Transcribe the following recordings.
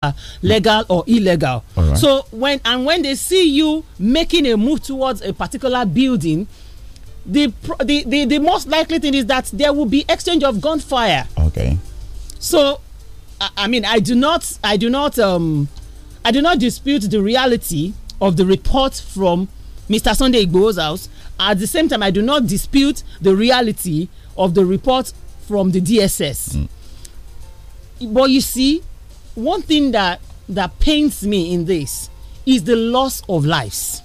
Uh, legal or illegal. Right. So when and when they see you making a move towards a particular building, the, the the the, most likely thing is that there will be exchange of gunfire. Okay. So, I, I mean, I do not, I do not, um, I do not dispute the reality of the report from Mr. Sunday Igbo's house. At the same time, I do not dispute the reality of the report from the DSS. Mm. But you see, one thing that that pains me in this is the loss of lives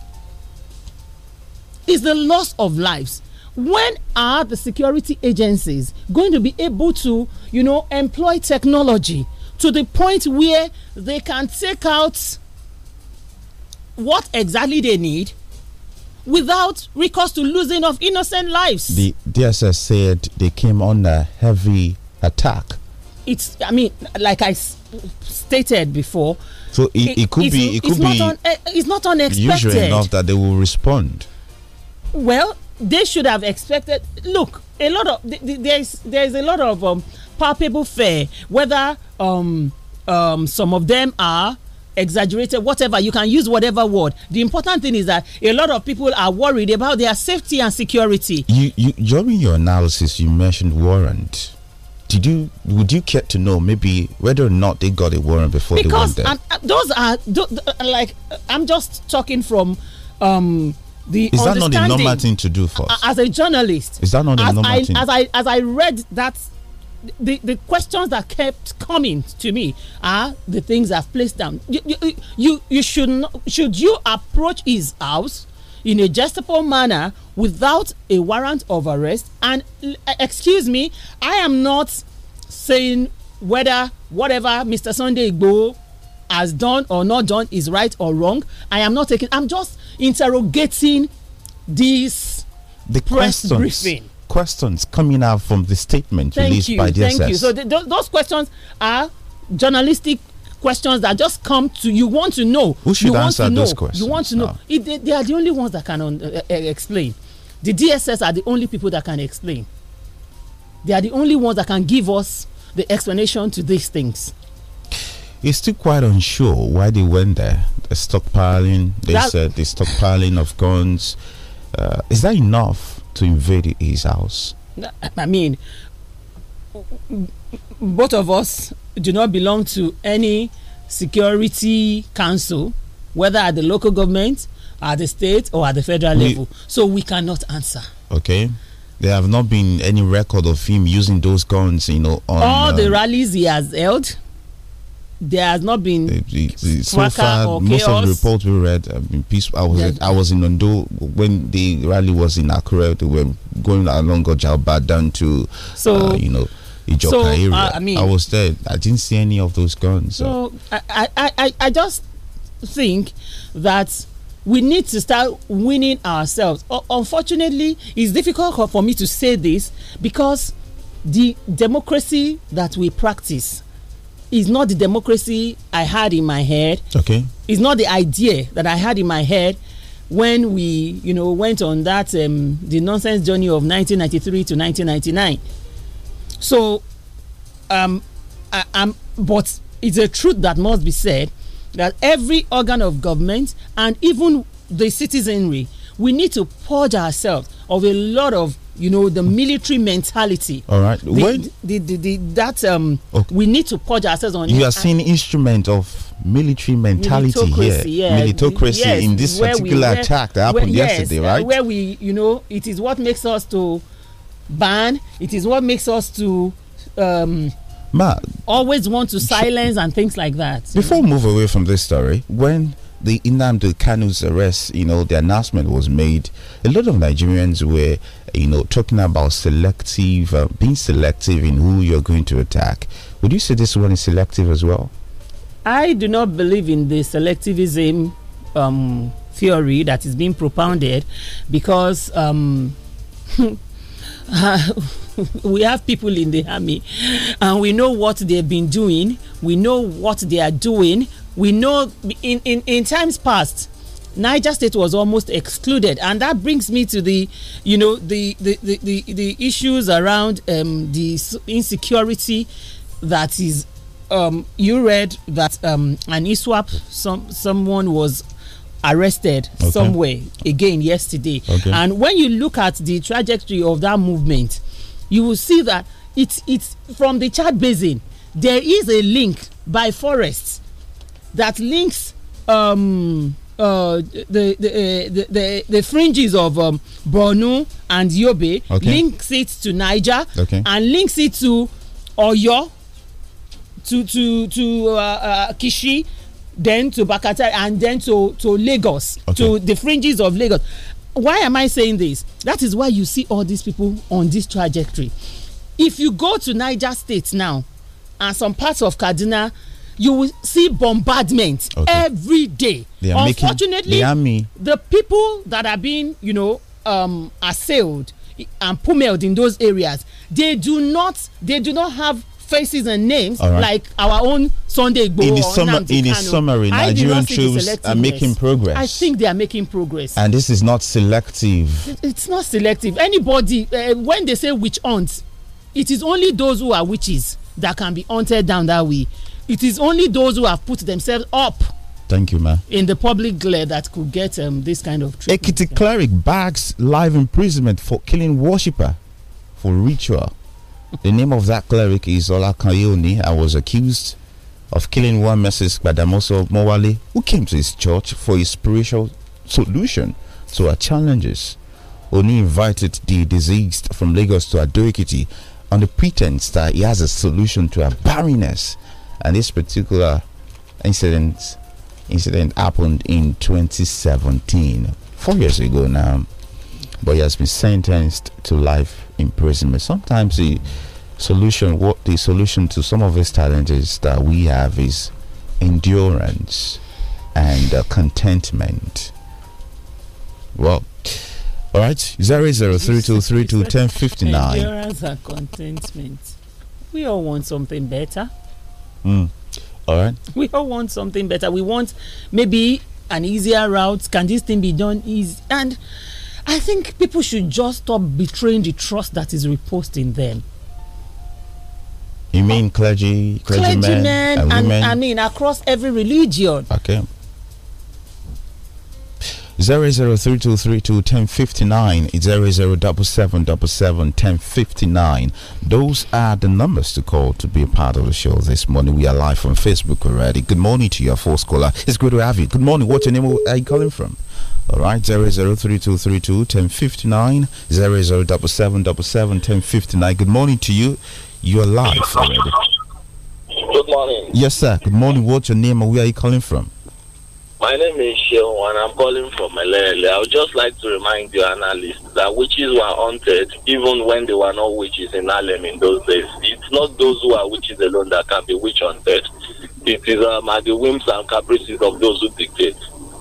is the loss of lives when are the security agencies going to be able to you know employ technology to the point where they can take out what exactly they need without recourse to losing of innocent lives the dss said they came under heavy attack it's i mean like i stated before. So it, it could be it could be not un, it's eh, not unexpected. Usual enough that they will respond. Well, they should have expected. Look, a lot of there is there is a lot of um, palpable fear. Whether um, um, some of them are exaggerated, whatever you can use whatever word. The important thing is that a lot of people are worried about their safety and security. You, you during your analysis, you mentioned warrant did you would you care to know maybe whether or not they got a warrant before because they went there? Uh, those are uh, like uh, I'm just talking from um, the is that not the normal thing to do for as a journalist? Is that not the normal I, thing? As I as I read that. The, the questions that kept coming to me are the things I've placed down. You you, you, you should not, should you approach his house in a justifiable manner without a warrant of arrest. And eh, excuse me, I am not saying whether whatever Mr. Sunday Igbo has done or not done is right or wrong. I am not taking. I'm just interrogating this the press questions, briefing. Questions coming out from the statement thank released you, by the Thank SS. you. So those questions are journalistic questions that just come to you want to know. Who should you answer want to those know, questions? You want to know. Ah. they, they, are the only ones that can uh, uh, uh explain. The DSS are the only people that can explain. They are the only ones that can give us the explanation to these things. It's still quite unsure why they went there. The stockpiling, they that, said the stockpiling of guns. Uh, is that enough to invade his house? I mean, both of us do not belong to any security council, whether at the local government, at the state, or at the federal we, level. So we cannot answer. Okay. There have not been any record of him using those guns, you know. On, All um, the rallies he has held, there has not been so far most chaos. of the reports we read have um, been peaceful i was yeah. i was in ondo when the rally was in accra they were going along gojaba down to so uh, you know Ijoka so, area. Uh, I mean, I was there. I didn't see any of those guns. So, so I, I, I, I just think that we need to start winning ourselves. Uh, unfortunately, it's difficult for me to say this because the democracy that we practice is not the democracy I had in my head. Okay. It's not the idea that I had in my head when we, you know, went on that um, the nonsense journey of 1993 to 1999 so, um, I, I'm, but it's a truth that must be said that every organ of government and even the citizenry, we need to purge ourselves of a lot of you know the military mentality. All right, the, when the, the, the, that um okay. we need to purge ourselves on. You are seeing instrument of military mentality here, yeah. militocracy yes, in this particular we, where, attack that happened where, yes, yesterday, right? Where we, you know, it is what makes us to ban. It is what makes us to um, Ma, always want to silence and things like that. Before we move away from this story, when the Inamdu Kanu's arrest, you know, the announcement was made. A lot of Nigerians were, you know, talking about selective, uh, being selective in who you're going to attack. Would you say this one is selective as well? I do not believe in the selectivism um, theory that is being propounded because um, we have people in the army and we know what they've been doing we know what they are doing we know in in, in times past niger state was almost excluded and that brings me to the you know the the the, the, the issues around um, the insecurity that is um, you read that um, an ISWAP, some someone was arrested okay. somewhere again yesterday. Okay. And when you look at the trajectory of that movement, you will see that it's it's from the Chad Basin. There is a link by forests that links um, uh, the, the, uh, the, the, the fringes of um, and Yobe, okay. links it to Niger, and links it to Oyo, to to to uh, uh Kishi then to Bakata, and then to, to Lagos, okay. to the fringes of Lagos. Why am I saying this? That is why you see all these people on this trajectory. If you go to Niger State now and some parts of Kaduna, you will see bombardment okay. every day. Unfortunately, the people that are being, you know, um, assailed and pummeled in those areas, they do not, they do not have faces and names right. like our own Sunday Igbo in the summer, in the summary, Nigerian troops are making progress. I think they are making progress. And this is not selective. It's not selective. Anybody, uh, when they say witch hunt, it is only those who are witches that can be hunted down that way. It is only those who have put themselves up Thank you, ma. In the public glare that could get um, this kind of treatment. Ekiti cleric bags live imprisonment for killing worshipper for ritual the name of that cleric is Olakayoni and was accused of killing one Mrs. Badamoso Mowale, who came to his church for a spiritual solution to her challenges. Oni invited the deceased from Lagos to Adoikiti on the pretense that he has a solution to her barrenness. And this particular incident incident happened in 2017, four years ago now. But he has been sentenced to life imprisonment. Sometimes the solution, what the solution to some of these challenges that we have is endurance and uh, contentment. Well, all right, zero zero three two three two ten fifty nine. Endurance and contentment. We all want something better. Mm. All right. We all want something better. We want maybe an easier route. Can this thing be done easy? And I think people should just stop betraying the trust that is reposed in them. You mean clergy, clergymen, clergymen and, women? I mean across every religion. Okay. Zero zero three two three two ten fifty nine zero zero double seven double seven ten fifty nine. Those are the numbers to call to be a part of the show this morning. We are live on Facebook already. Good morning to your fourth caller. It's good to have you. Good morning. What's your name? Where are you calling from? All right, 003232 1059, Good morning to you. You're live already. Good morning. Yes, sir. Good morning. What's your name and where are you calling from? My name is Sheon and I'm calling from Melele. I would just like to remind you, analysts that witches were hunted even when they were not witches in Harlem in those days. It's not those who are witches alone that can be witch hunted. It is um, at the whims and caprices of those who dictate.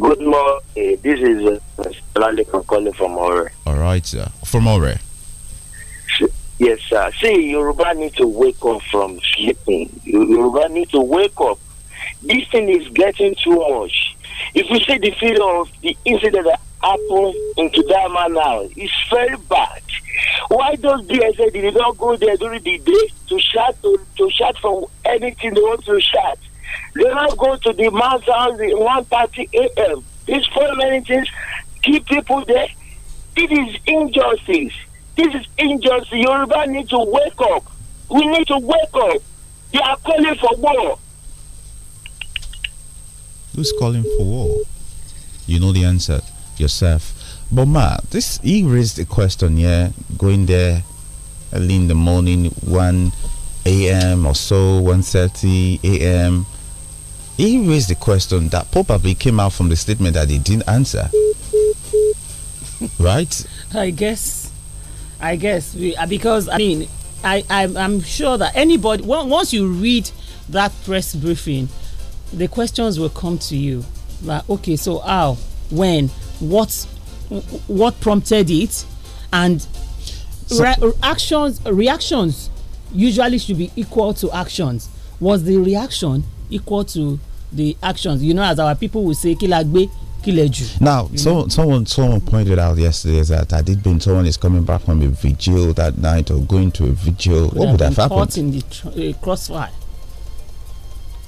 Good morning. This is uh, calling from Ore. All right, sir. From Ore. Yes, sir. See, Yoruba need to wake up from sleeping. Yoruba need to wake up. This thing is getting too much. If you see the figure of the incident that happened in Kudama now, it's very bad. Why does BSA did not go there during the day to shout to, to shout from anything they want to shout? Then I go to the man's house at 1.30 a.m. These four things keep people there. This is injustice. This is injustice. Yoruba need to wake up. We need to wake up. They are calling for war. Who's calling for war? You know the answer yourself. But ma, this he raised a question yeah, going there early in the morning, one a.m. or so, 1.30 a.m he raised the question that probably came out from the statement that he didn't answer. right? I guess. I guess. We, uh, because, I mean, I, I, am sure that anybody, once you read that press briefing, the questions will come to you. Like, okay, so how, when, what, what prompted it, and so, re actions, reactions usually should be equal to actions. Was the reaction equal to the actions you know as our people will say kilagbe kileju. now someone, know? someone someone pointed out yesterday that i did been someone is coming back from a vigil that night or going to a vigil what would have happened caught in the uh, crossfire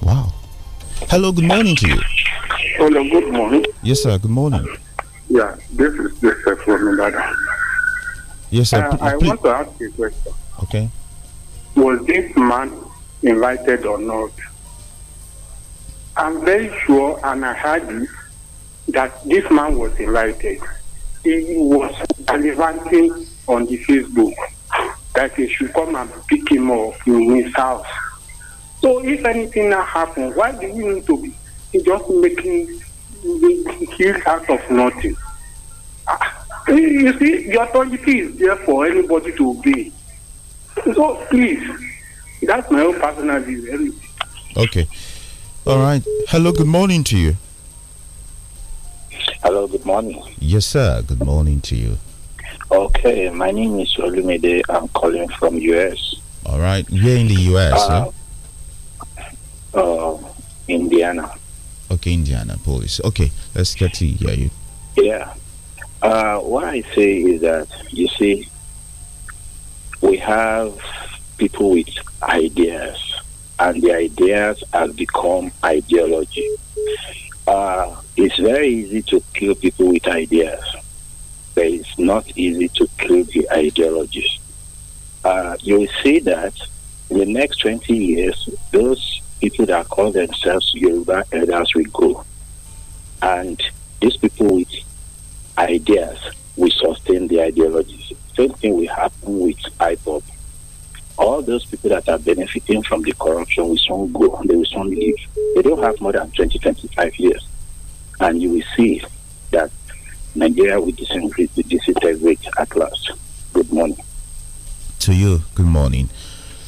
wow hello good morning to you hello good morning yes sir good morning yeah this is joseph from Nevada. yes sir uh, i want to ask you a question okay was this man invited or not I'm very sure and I heard that this man was invited. He was gallivanting on the Facebook that he should come and pick him up in his house. So if anything now happens, why do you need to be just making heels out of nothing? Ah, you see, the authority is there for anybody to be. So please, that's my own personal view. Okay. All right. Hello, good morning to you. Hello, good morning. Yes, sir. Good morning to you. Okay, my name is Olumide. I'm calling from US. All right. You're in the US, uh, huh? Uh, Indiana. Okay, Indiana police. Okay, let's get to hear you. Yeah. Uh, what I say is that, you see, we have people with ideas and the ideas have become ideology. Uh, it's very easy to kill people with ideas, but it's not easy to kill the ideologies. Uh, you will see that in the next 20 years, those people that call themselves Yoruba elders will go. And these people with ideas will sustain the ideologies. Same thing will happen with IPOP all those people that are benefiting from the corruption will soon go, they will soon leave. They don't have more than 20, 25 years. And you will see that Nigeria will disintegrate, will disintegrate at last. Good morning. To you, good morning.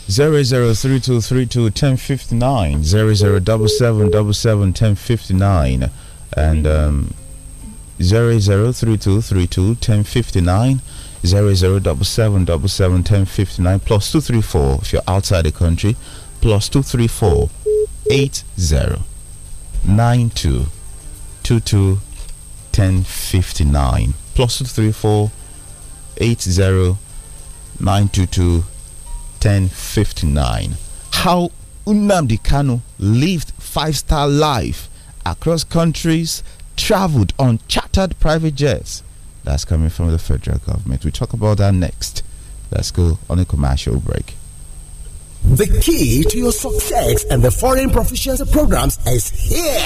0032321059 0077771059 and um 0032321059 Zero zero double seven double seven 234 if you're outside the country plus plus two three four eight zero nine two two two ten fifty nine plus two three four eight zero nine two two ten fifty nine. how Unam Kanu lived five-star life across countries traveled on chartered private jets that's coming from the federal government. We talk about that next. Let's go on a commercial break. The key to your success and the foreign proficiency programs is here.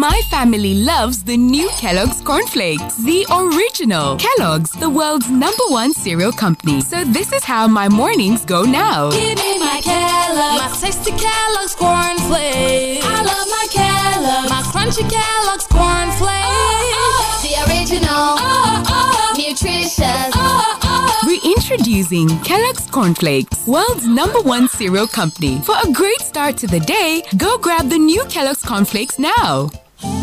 My family loves the new Kellogg's cornflakes, the original. Kellogg's, the world's number one cereal company. So this is how my mornings go now. Give me my Kellogg's, my tasty Kellogg's cornflakes. I love my Kellogg's, my crunchy Kellogg's cornflakes. Oh, oh. oh. The original, oh, oh, oh. nutritious. Reintroducing Kellogg's Cornflakes, world's number one cereal company. For a great start to the day, go grab the new Kellogg's Cornflakes now.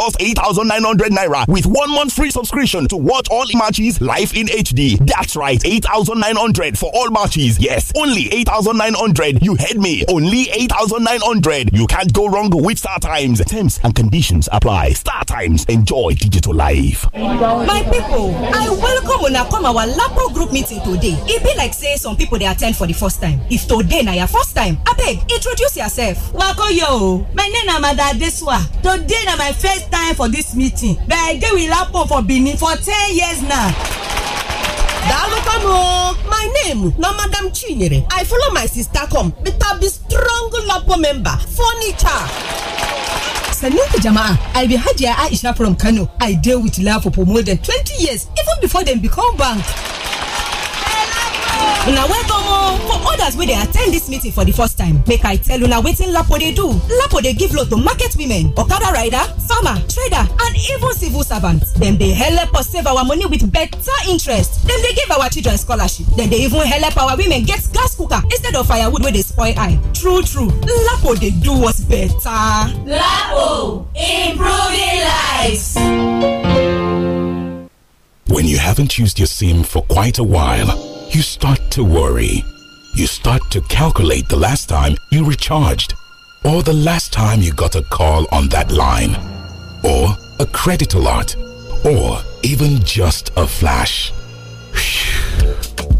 just 8,900 naira with one month free subscription to watch all matches live in HD. That's right, 8,900 for all matches. Yes, only 8,900. You heard me. Only 8,900. You can't go wrong with StarTimes. Times. Terms and conditions apply. StarTimes. Enjoy digital life. My people, I welcome I come our Lapo group meeting today. It be like say some people they attend for the first time. If today na your first time, I beg introduce yourself. Wako yo, my name is Mada Adeswa. Today na my first time for this meeting gbẹ̀gẹ́ wilapo for benin for ten years now. Daalụ come o! My name na Madam Chinyere. I follow my sister come beta be strong lapo member furniture. sannin ku jama'a i be hajiya aisha from kano i deal with lapo for more than twenty years even before dem become bank una welcome o oh, for others wey dey attend dis meeting for di first time make i tell una wetin lapo dey do lapo dey give loan to market women okada rider farmer trader and even civil servant dem dey help us save our money with beta interest dem dey give our children scholarship dem dey even help our women get gas cooker instead of firewood wey dey spoil eye true true lapo dey do us beta. lapo improving lives. When you haven't used your SIM for quite a while, you start to worry. You start to calculate the last time you recharged, or the last time you got a call on that line, or a credit alert, or even just a flash.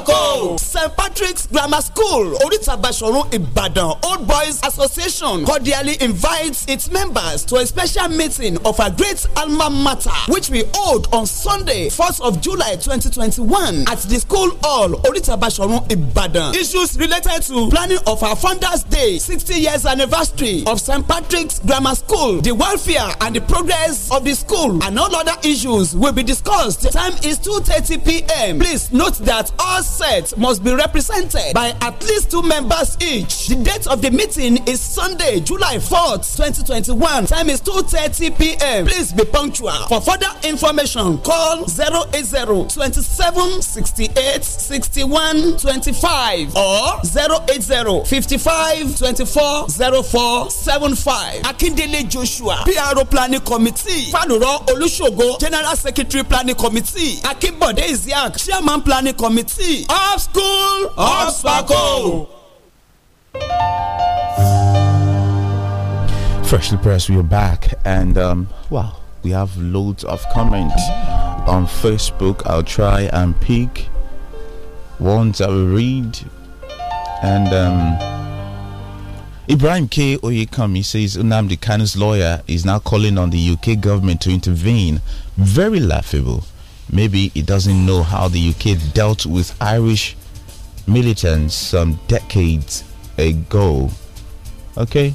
pákó. st patrick's grammar school oríta basọ̀run Ibadan old boys association cordially invites its members to a special meeting of our great alma mater which we hold on sunday 1st of july 2021, at the school hall oríta basọ̀run Ibadan. issues related to planning of our founders day 60 years anniversary of st patrick's grammar school the welfare and the progress of the school and all other issues will be discussed the time is 2:30 pm please note that all set must be represented by at least two members each. The date of the meeting is Sunday, July 4th, 2021. Time is 2.30 p.m. Please be punctual. For further information, call 080 27 68 or 080 55 24 Akindele Joshua, PRO Planning Committee, Faluro Olusogo, General Secretary Planning Committee, Akinbode Isiak, Chairman Planning Committee. of school. of Spaco. Freshly pressed, we are back, and um, wow, we have loads of comments on Facebook. I'll try and pick ones I will read, and um, Ibrahim K. Oyekami says Unamdi Kanu's lawyer is now calling on the UK government to intervene. Very laughable. Maybe he doesn't know how the UK dealt with Irish militants some decades ago. Okay.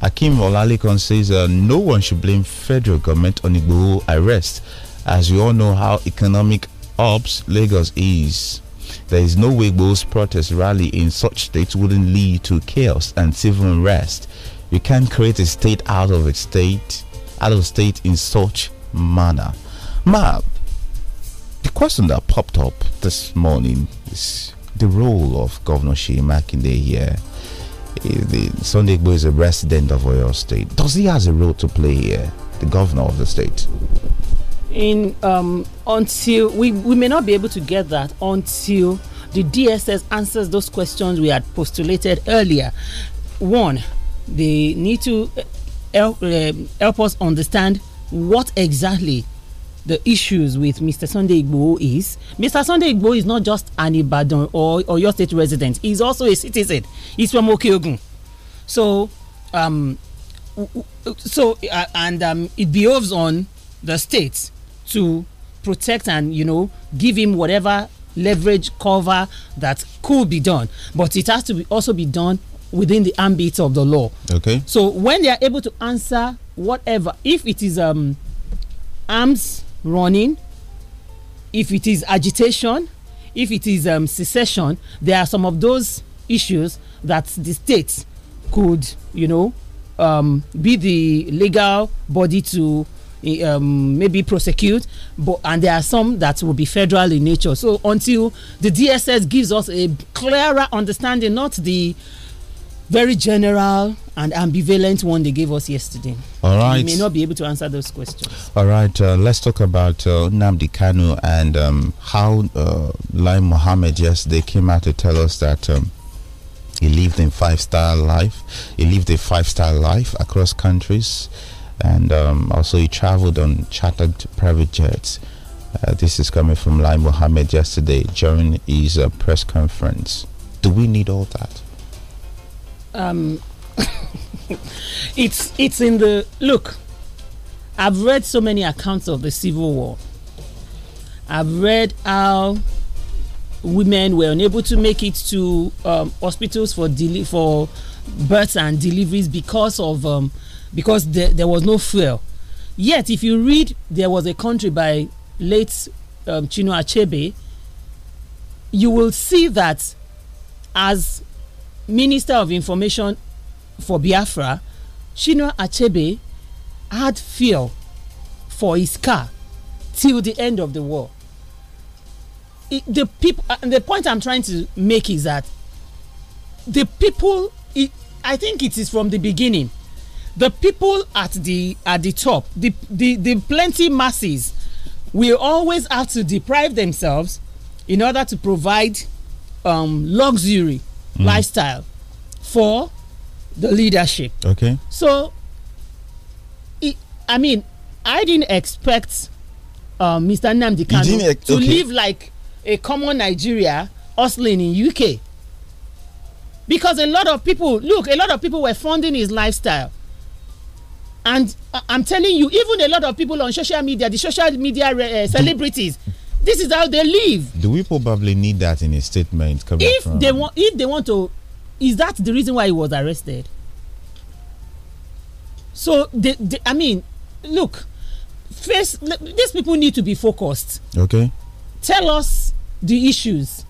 Akim Olalikon says uh, no one should blame federal government on Igbo arrest, as we all know how economic ups Lagos is. There is no way Igboho's protest rally in such states wouldn't lead to chaos and civil unrest. You can't create a state out of a state, out of state in such manner. Ma, the question that popped up this morning is the role of Governor Sheik Makinde here. Eh, the Sunday Igbo is a resident of Oyo State. Does he has a role to play here, the governor of the state? In um, until we, we may not be able to get that until the DSS answers those questions we had postulated earlier. One, they need to eh, help, uh, help us understand what exactly the issues with Mr. Sunday Igbo is Mr. Sunday Igbo is not just an Ibadan or, or your state resident, he's also a citizen. He's from Okeogun. So, um, so uh, and um, it behoves on the state to protect and you know give him whatever leverage cover that could be done but it has to be also be done within the ambit of the law okay so when they are able to answer whatever if it is um arms running, if it is agitation, if it is um, secession, there are some of those issues that the state could, you know, um, be the legal body to um, maybe prosecute, but and there are some that will be federal in nature. So until the DSS gives us a clearer understanding, not the very general and ambivalent one they gave us yesterday. All right. We may not be able to answer those questions. All right. Uh, let's talk about uh, Namdi Kanu and um, how uh, Lai Mohammed yesterday came out to tell us that. Um, he lived in five-star life. He lived a five-star life across countries, and um, also he traveled on chartered private jets. Uh, this is coming from Lai Mohammed yesterday during his uh, press conference. Do we need all that? um, it's it's in the look. I've read so many accounts of the Civil War. I've read how women were unable to make it to um, hospitals for deli- for births and deliveries because of um, because there, there was no fuel. Yet, if you read, there was a country by late um, Chino Achebe. You will see that as Minister of Information for Biafra, Chino Achebe, had fuel for his car till the end of the war. It, the people, uh, the point I'm trying to make is that the people, it, I think it is from the beginning, the people at the at the top, the the, the plenty masses, will always have to deprive themselves in order to provide um, luxury mm. lifestyle for the leadership. Okay. So, it, I mean, I didn't expect uh, Mr. Namdi Kanu to okay. live like a common Nigeria hustling in UK. Because a lot of people, look, a lot of people were funding his lifestyle. And uh, I'm telling you, even a lot of people on social media, the social media uh, celebrities, mm. This is how they live. Do we probably need that in a statement? Coming if from? they want, if they want to, is that the reason why he was arrested? So they, they, I mean, look, first, these people need to be focused. Okay. Tell us the issues.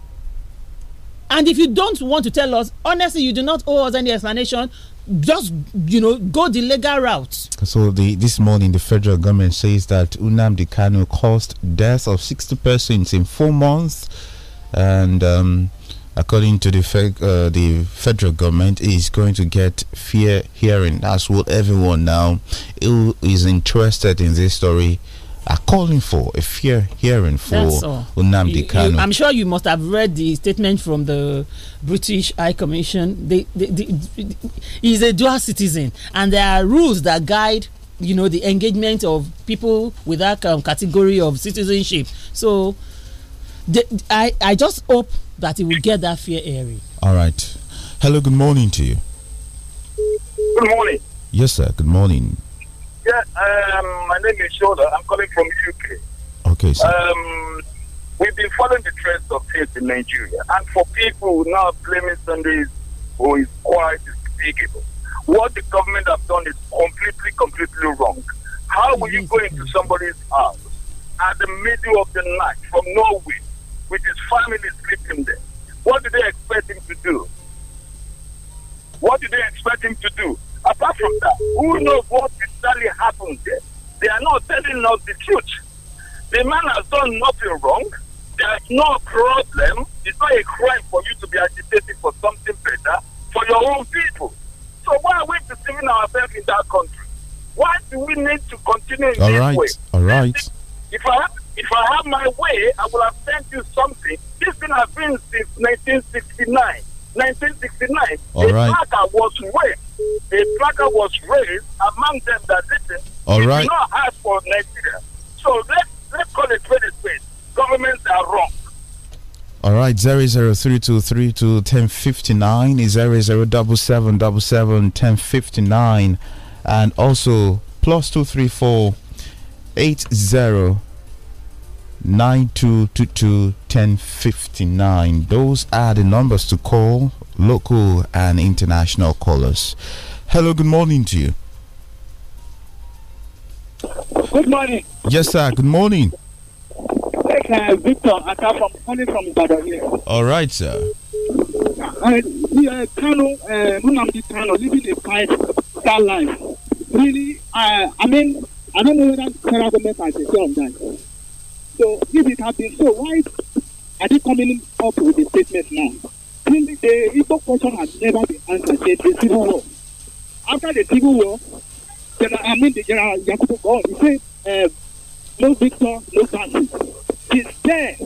And if you don't want to tell us, honestly, you do not owe us any explanation just you know go the legal route. So the, this morning the federal government says that Unam Kanu caused deaths of sixty persons in four months, and um, according to the uh, the federal government is going to get fair hearing. That's what everyone now who is interested in this story are calling for a fair hearing for Unamdi Kanu. I'm sure you must have read the statement from the British High Commission. They, they, they, he's a dual citizen, and there are rules that guide you know the engagement of people with that um, category of citizenship. So, they, I I just hope that he will get that fair hearing. All right. Hello. Good morning to you. Good morning. Yes, sir. Good morning. Yeah, um, my name is Shola. I'm calling from UK. Okay. Sir. Um, we've been following the trends of faith in Nigeria, and for people who now blaming Sundays, who oh, is quite despicable. What the government have done is completely, completely wrong. How will you go into somebody's house at the middle of the night from nowhere, with his family sleeping there? What do they expect him to do? What do they expect him to do? Apart from that, who knows what exactly happened there? They are not telling us the truth. The man has done nothing wrong. There's no problem. It's not a crime for you to be agitating for something better for your own people. So why are we deceiving ourselves in that country? Why do we need to continue in all this right, way? All right. If I have, if I have my way, I will have sent you something. This thing has been since 1969. 1969. All a right. tracker was raised. A tracker was raised among them that listen. All right. not hard for Nigeria. So let's, let's call it what it is. Governments are wrong. All right, zero zero three two three two ten fifty nine is zero zero double seven double seven ten fifty nine, and also plus two three four eight zero 9222 1059. Those are the numbers to call local and international callers. Hello, good morning to you. Good morning. Yes, sir. Good morning. Yes, Victor, I come from calling from Ibadan here. All right, sir. I uh, we are uh, Kano, uh, Munamdi Kano, living a quiet, star life. Really, uh, I mean, I don't know whether the federal government has a say on that. So if it had been so, why are they coming up with a statement now? Clearly, the Igbo question has never been answered since the Civil War. After the Civil War, General, I mean, the General Yakubu God, he said, uh, no victor, no country. It's there.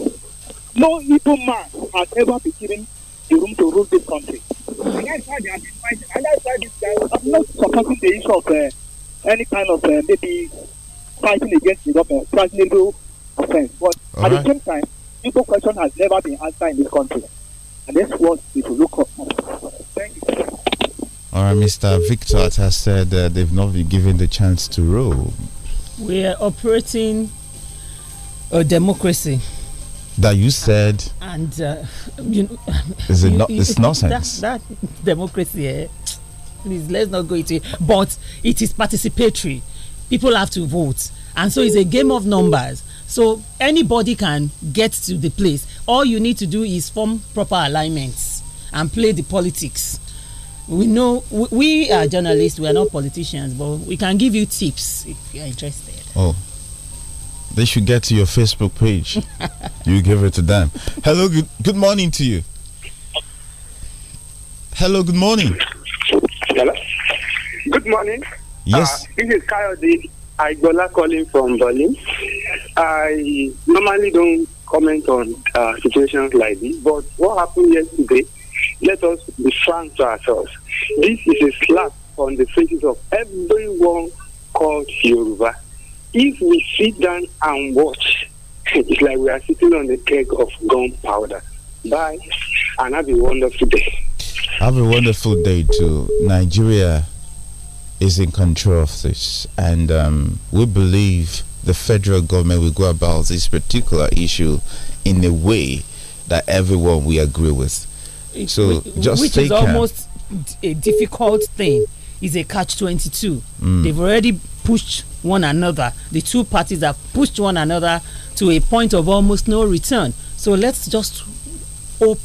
No evil man has ever been given the room to rule this country. And that's why they have been fighting. And that's why this guy, I'm not supporting the issue of uh, any kind of uh, maybe fighting against the government, questionable offense. But All at right. the same time, people question has never been answered in this country. And that's what we should look up. Thank you. All right, Mr. Victor has said uh, they've not been given the chance to rule. We are operating a democracy. That you said. And, uh, you know, is it you, not? It's you, nonsense. That, that democracy, eh? please let's not go into it. But it is participatory. People have to vote, and so it's a game of numbers. So anybody can get to the place. All you need to do is form proper alignments and play the politics. We know we, we are journalists, we are not politicians, but we can give you tips if you're interested. Oh. They should get to your Facebook page. you give it to them. Hello, good, good morning to you. Hello, good morning. Hello. Good morning. Yes. Uh, this is Coyote I Igola calling from Berlin. I normally don't comment on uh, situations like this, but what happened yesterday, let us be frank to ourselves. This is a slap on the faces of everyone called Yoruba. If we sit down and watch, it's like we are sitting on the keg of gunpowder. Bye, and have a wonderful day. Have a wonderful day to Nigeria is in control of this, and um, we believe the federal government will go about this particular issue in a way that everyone will agree with. So which, just which is almost a difficult thing. Is a catch twenty two. Mm. They've already pushed one another. The two parties have pushed one another to a point of almost no return. So let's just hope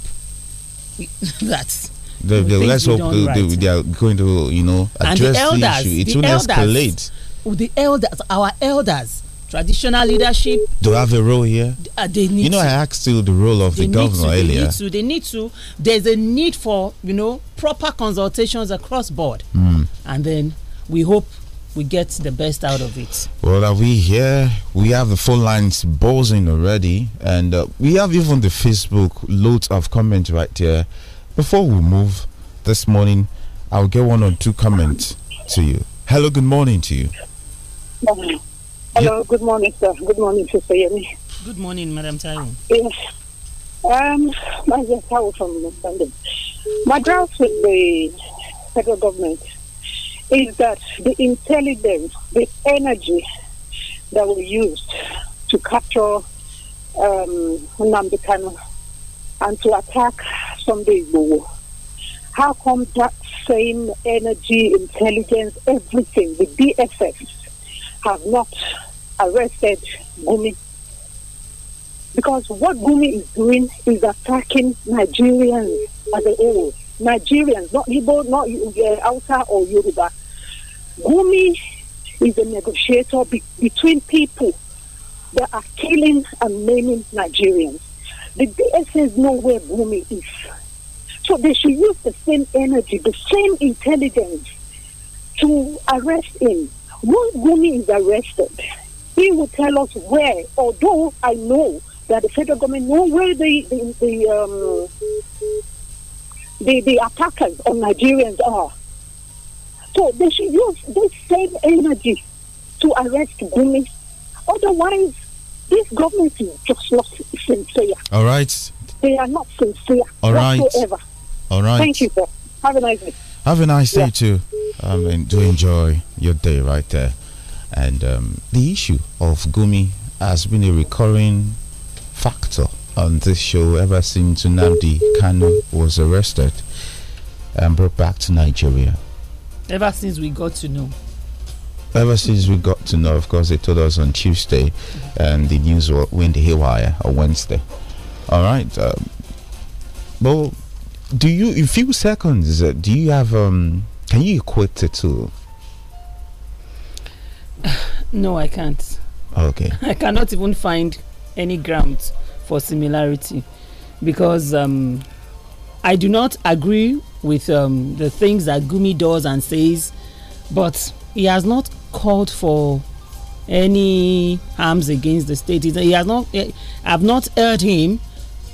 that the, the let's hope uh, right. they are going to you know address the, elders, the issue. It the elders, escalate. Oh, the elders, our elders, traditional leadership. Do have a role here? Uh, they need. You know, to. I asked you the role of they the governor to, they earlier. They need to. They need to. There's a need for you know proper consultations across board, mm. and then we hope we get the best out of it. Well, are we here? We have the phone lines buzzing already, and uh, we have even the Facebook loads of comments right here. Before we move this morning, I'll get one or two comments to you. Hello, good morning to you. Hello, yeah. good morning, sir. Good morning, Sister Yemi. Good morning, Madam Taiwo. Yes. Um, my yes, I from London. My grasp with the federal government is that the intelligence, the energy that we used to capture um, Namdekano and to attack somebody Igbo. How come that same energy, intelligence, everything, the DSS have not arrested Gumi? Because what Gumi is doing is attacking Nigerians as a whole. Nigerians, not Igbo, not uh, Hausa or Yoruba. Gumi is a negotiator be between people that are killing and maiming Nigerians. The DA says where Bumi is. So they should use the same energy, the same intelligence to arrest him. Once Bumi is arrested, he will tell us where, although I know that the federal government know where the, the, the, um, the, the attackers on Nigerians are. So they should use this same energy to arrest Bumi. Otherwise, this government is just not sincere. All right. They are not sincere All right. whatsoever. All right. Thank you, sir. Have a nice day. Have a nice yeah. day too. I mean, do enjoy your day right there. And um, the issue of Gumi has been a recurring factor on this show ever since Nnamdi Kanu was arrested and brought back to Nigeria. Ever since we got to know. Ever since we got to know, of course, they told us on Tuesday, and um, the news went haywire on Wednesday. All right. Um, uh, well, do you in few seconds? Uh, do you have? Um, can you equate it to? No, I can't. Okay. I cannot even find any grounds for similarity because um, I do not agree with um, the things that Gumi does and says, but he has not called for any harms against the state. He has not. Eh, I've not heard him.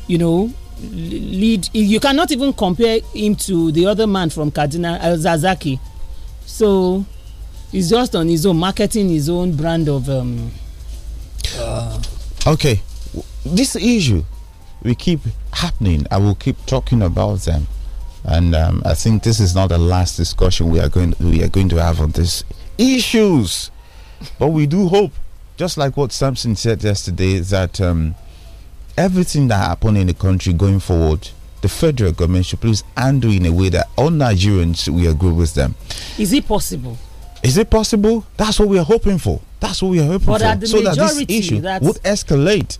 You know, lead. You cannot even compare him to the other man from Kaduna, Alzazaki. Zazaki. So he's just on his own, marketing his own brand of. Um, uh, okay, this issue we keep happening. I will keep talking about them, and um, I think this is not the last discussion we are going we are going to have on this issues. but we do hope, just like what Samson said yesterday, that um, everything that happened in the country going forward, the federal government should please handle in a way that all Nigerians we agree with them. Is it possible? Is it possible? That's what we are hoping for. That's what we are hoping but for. so that this issue would escalate.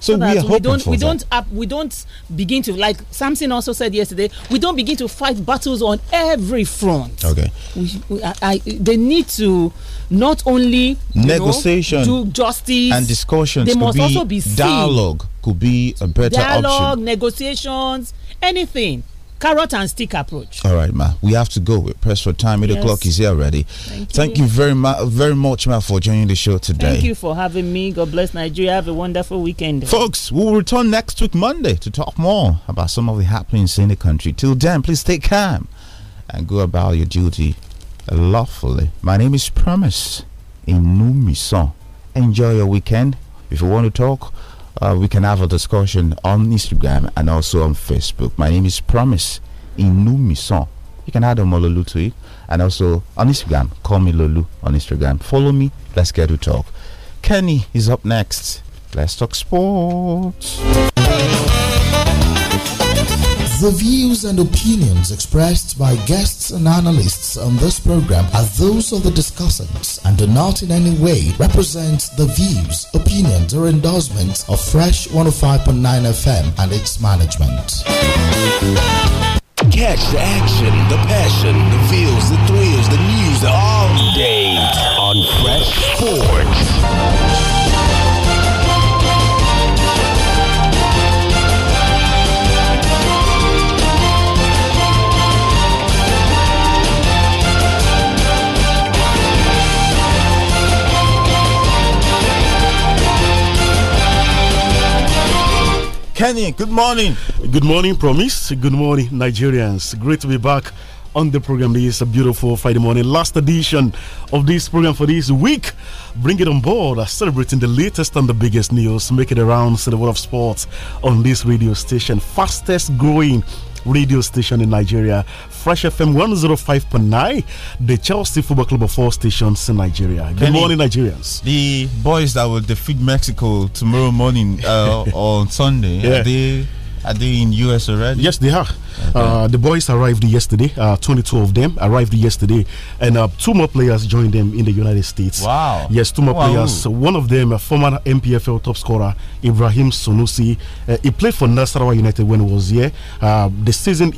So, so we, we don't we that. don't uh, we don't begin to like Samson also said yesterday. We don't begin to fight battles on every front. Okay, we, we, I, I, they need to not only negotiation, know, do justice and discussions. They must also be dialogue. Could be a better dialogue, option. negotiations, anything carrot and stick approach. All right, ma. We have to go. We're pressed for time. Eight yes. o'clock is here already. Thank, Thank you. you. very much, very much, ma, for joining the show today. Thank you for having me. God bless Nigeria. Have a wonderful weekend, folks. We'll return next week Monday to talk more about some of the happenings in the country. Till then, please stay calm and go about your duty lawfully. My name is Promise Inumison. Enjoy your weekend. If you want to talk uh, we can have a discussion on Instagram and also on Facebook. My name is Promise Inumison. You can add Omololu to it. And also on Instagram, call me Lolu on Instagram. Follow me. Let's get to talk. Kenny is up next. Let's talk sports. The views and opinions expressed by guests and analysts on this program are those of the discussants and do not in any way represent the views, opinions, or endorsements of Fresh 105.9 FM and its management. Catch the action, the passion, the feels, the thrills, the news all day on Fresh Sports. Kenny, good morning. Good morning, Promise. Good morning, Nigerians. Great to be back on the program. It's a beautiful Friday morning. Last edition of this program for this week. Bring it on board, uh, celebrating the latest and the biggest news, making the rounds in the world of sports on this radio station. Fastest growing radio station in Nigeria, Fresh FM 105.9, the Chelsea Football Club of Four Stations in Nigeria. Good Kenny, morning, Nigerians. The boys that will defeat Mexico tomorrow morning uh, on Sunday, yeah. they are they in US already? Yes, they are. Okay. Uh, the boys arrived yesterday. Uh, 22 of them arrived yesterday, and uh, two more players joined them in the United States. Wow! Yes, two more wow. players. One of them, a former MPFL top scorer, Ibrahim Sunusi. Uh, he played for Nasarawa United when he was here. Uh, the season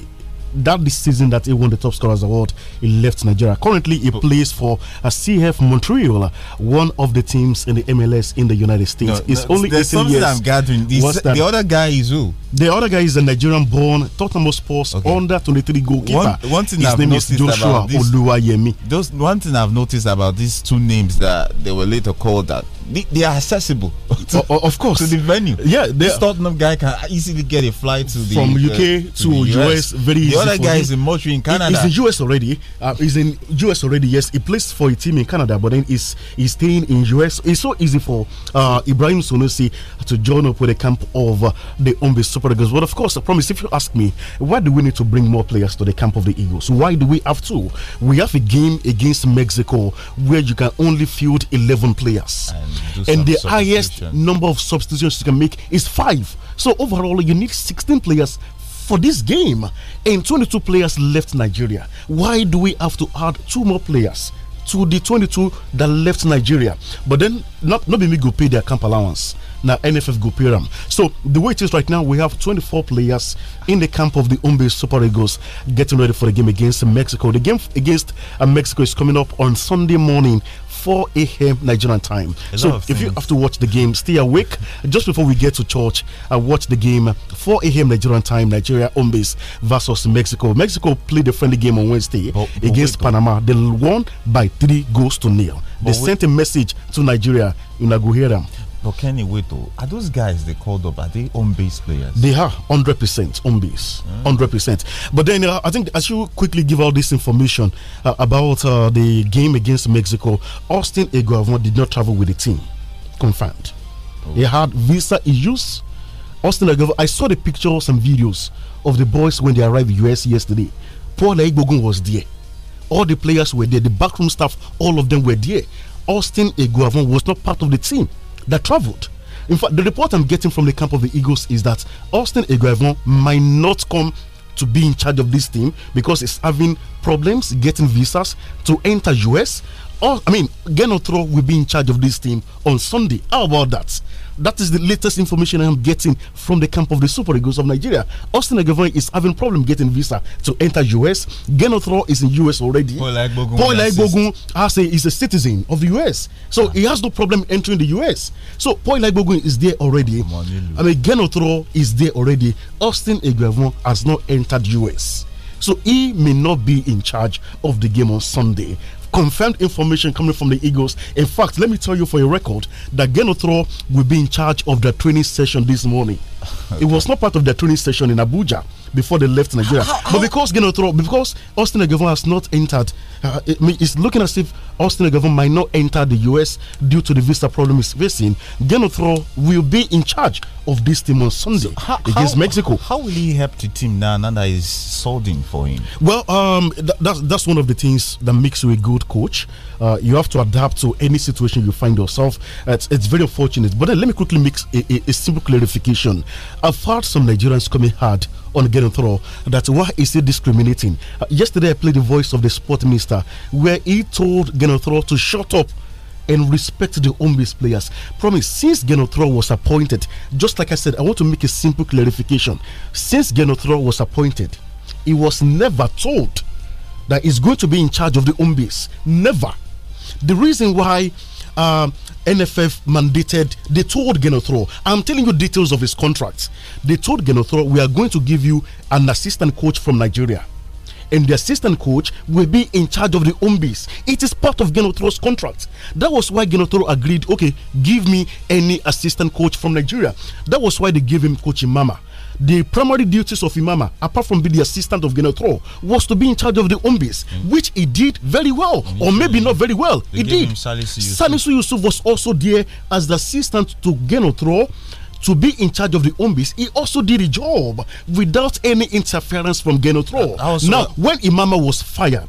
that this season that he won the top scorers award, he left Nigeria. Currently, he plays for a uh, CF Montreal, one of the teams in the MLS in the United States. No, it's no, only there's something years. I'm gathering. This, the other guy is who? The other guy is a Nigerian-born Tottenham Sports okay. under 23 goalkeeper. One, one thing His I've name is Joshua Oluwayemi. Those one thing I've noticed about these two names that they were later called that they, they are accessible. To, o, of course, to the venue. Yeah, The Tottenham guy can easily get a flight to the from UK uh, to, to US. US. Very the easy. The other guy him. is in Montreal in Canada. He's in US already. Uh, he's in US already. Yes, he plays for a team in Canada, but then he's he's staying in US. It's so easy for uh, Ibrahim Sonosi to join up with the camp of uh, the Umbi Super Eagles. But of course, I promise. If you ask me, why do we need to bring more players to the camp of the Eagles? Why do we have to? We have a game against Mexico where you can only field eleven players. And and the highest number of substitutions you can make is five. So overall, you need 16 players for this game, and 22 players left Nigeria. Why do we have to add two more players? To the 22 that left Nigeria, but then not not me go pay their camp allowance. Now NFF go pay them. So the way it is right now, we have 24 players in the camp of the Umbe Super Eagles getting ready for the game against Mexico. The game against uh, Mexico is coming up on Sunday morning 4 a.m. Nigerian time. so if you have to watch the game, stay awake. Just before we get to church, I watch the game 4 a.m. Nigerian time, Nigeria home base versus Mexico. Mexico played a friendly game on Wednesday but, oh, oh, but against wait, oh. Panama. They won by three goals to nil. They wait. sent a message to Nigeria. in know, but Kenny Weto, oh, are those guys they called up? Are they on base players? They are 100% on base. Mm. 100%. But then uh, I think I should quickly give all this information uh, about uh, the game against Mexico. Austin Eguavon did not travel with the team. Confirmed. Oh. He had visa issues. Austin Eguavon, I saw the pictures and videos of the boys when they arrived in the US yesterday. Paul Egbogun was there. All the players were there. The backroom staff, all of them were there. Austin Eguavon was not part of the team that traveled. In fact, the report I'm getting from the camp of the Eagles is that Austin Eguavon might not come to be in charge of this team because it's having problems getting visas to enter US. Or, I mean, Genotro will be in charge of this team on Sunday. How about that? That is the latest information I'm getting from the camp of the Super Eagles of Nigeria. Austin Egevoin is having problem getting visa to enter US. Genothro is in US already. Paul Egbogun has a, is a citizen of the US. So ah. he has no problem entering the US. So Paul Egbogun is there already. Oh, I mean, Genothro is there already. Austin Egevoin has not entered US. So he may not be in charge of the game on Sunday confirmed information coming from the Eagles. In fact, let me tell you for a record that Genothro will be in charge of the training session this morning. Okay. It was not part of their training session in Abuja before they left Nigeria. How, how, but because you know, because Austin Egovon has not entered, uh, it, it's looking as if Austin Egovon might not enter the US due to the visa problem he's facing. Genothro will be in charge of this team on Sunday how, against Mexico. How will he help the team now? Nana is solding for him. Well, um, th that's that's one of the things that makes you a good coach. Uh, you have to adapt to any situation you find yourself. It's, it's very unfortunate. But then let me quickly make a, a, a simple clarification. I've heard some Nigerians coming hard on getting through that why is he discriminating? Uh, yesterday, I played the voice of the sport minister where he told Genothro to shut up and respect the home players. Promise, since Genothro was appointed, just like I said, I want to make a simple clarification. Since Genothro was appointed, he was never told that he's going to be in charge of the home base. Never. The reason why um, NFF mandated, they told Genothro, I'm telling you details of his contract. They told Genothro, we are going to give you an assistant coach from Nigeria. And the assistant coach will be in charge of the UMBIs. It is part of Genothro's contract. That was why Genothro agreed, okay, give me any assistant coach from Nigeria. That was why they gave him coaching mama the primary duties of Imama, apart from being the assistant of Genotro, was to be in charge of the Umbis, mm. which he did very well, mm. or maybe not very well. They he did. Salisu Yusuf. was also there as the assistant to Genotro to be in charge of the Umbis. he also did a job without any interference from Genotro. Now, when Imama was fired,